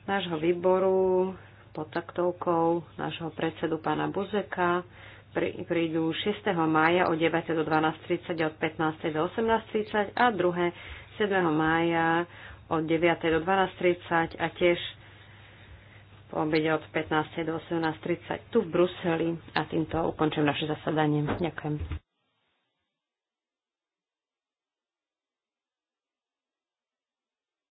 nášho výboru pod taktovkou nášho predsedu pána Buzeka prídu 6. mája od 9. do 12.30 od 15. do 18.30 a druhé 7. mája od 9. do 12.30 a tiež po obede od 15. do 18.30 tu v Bruseli a týmto ukončím naše zasadanie. Ďakujem.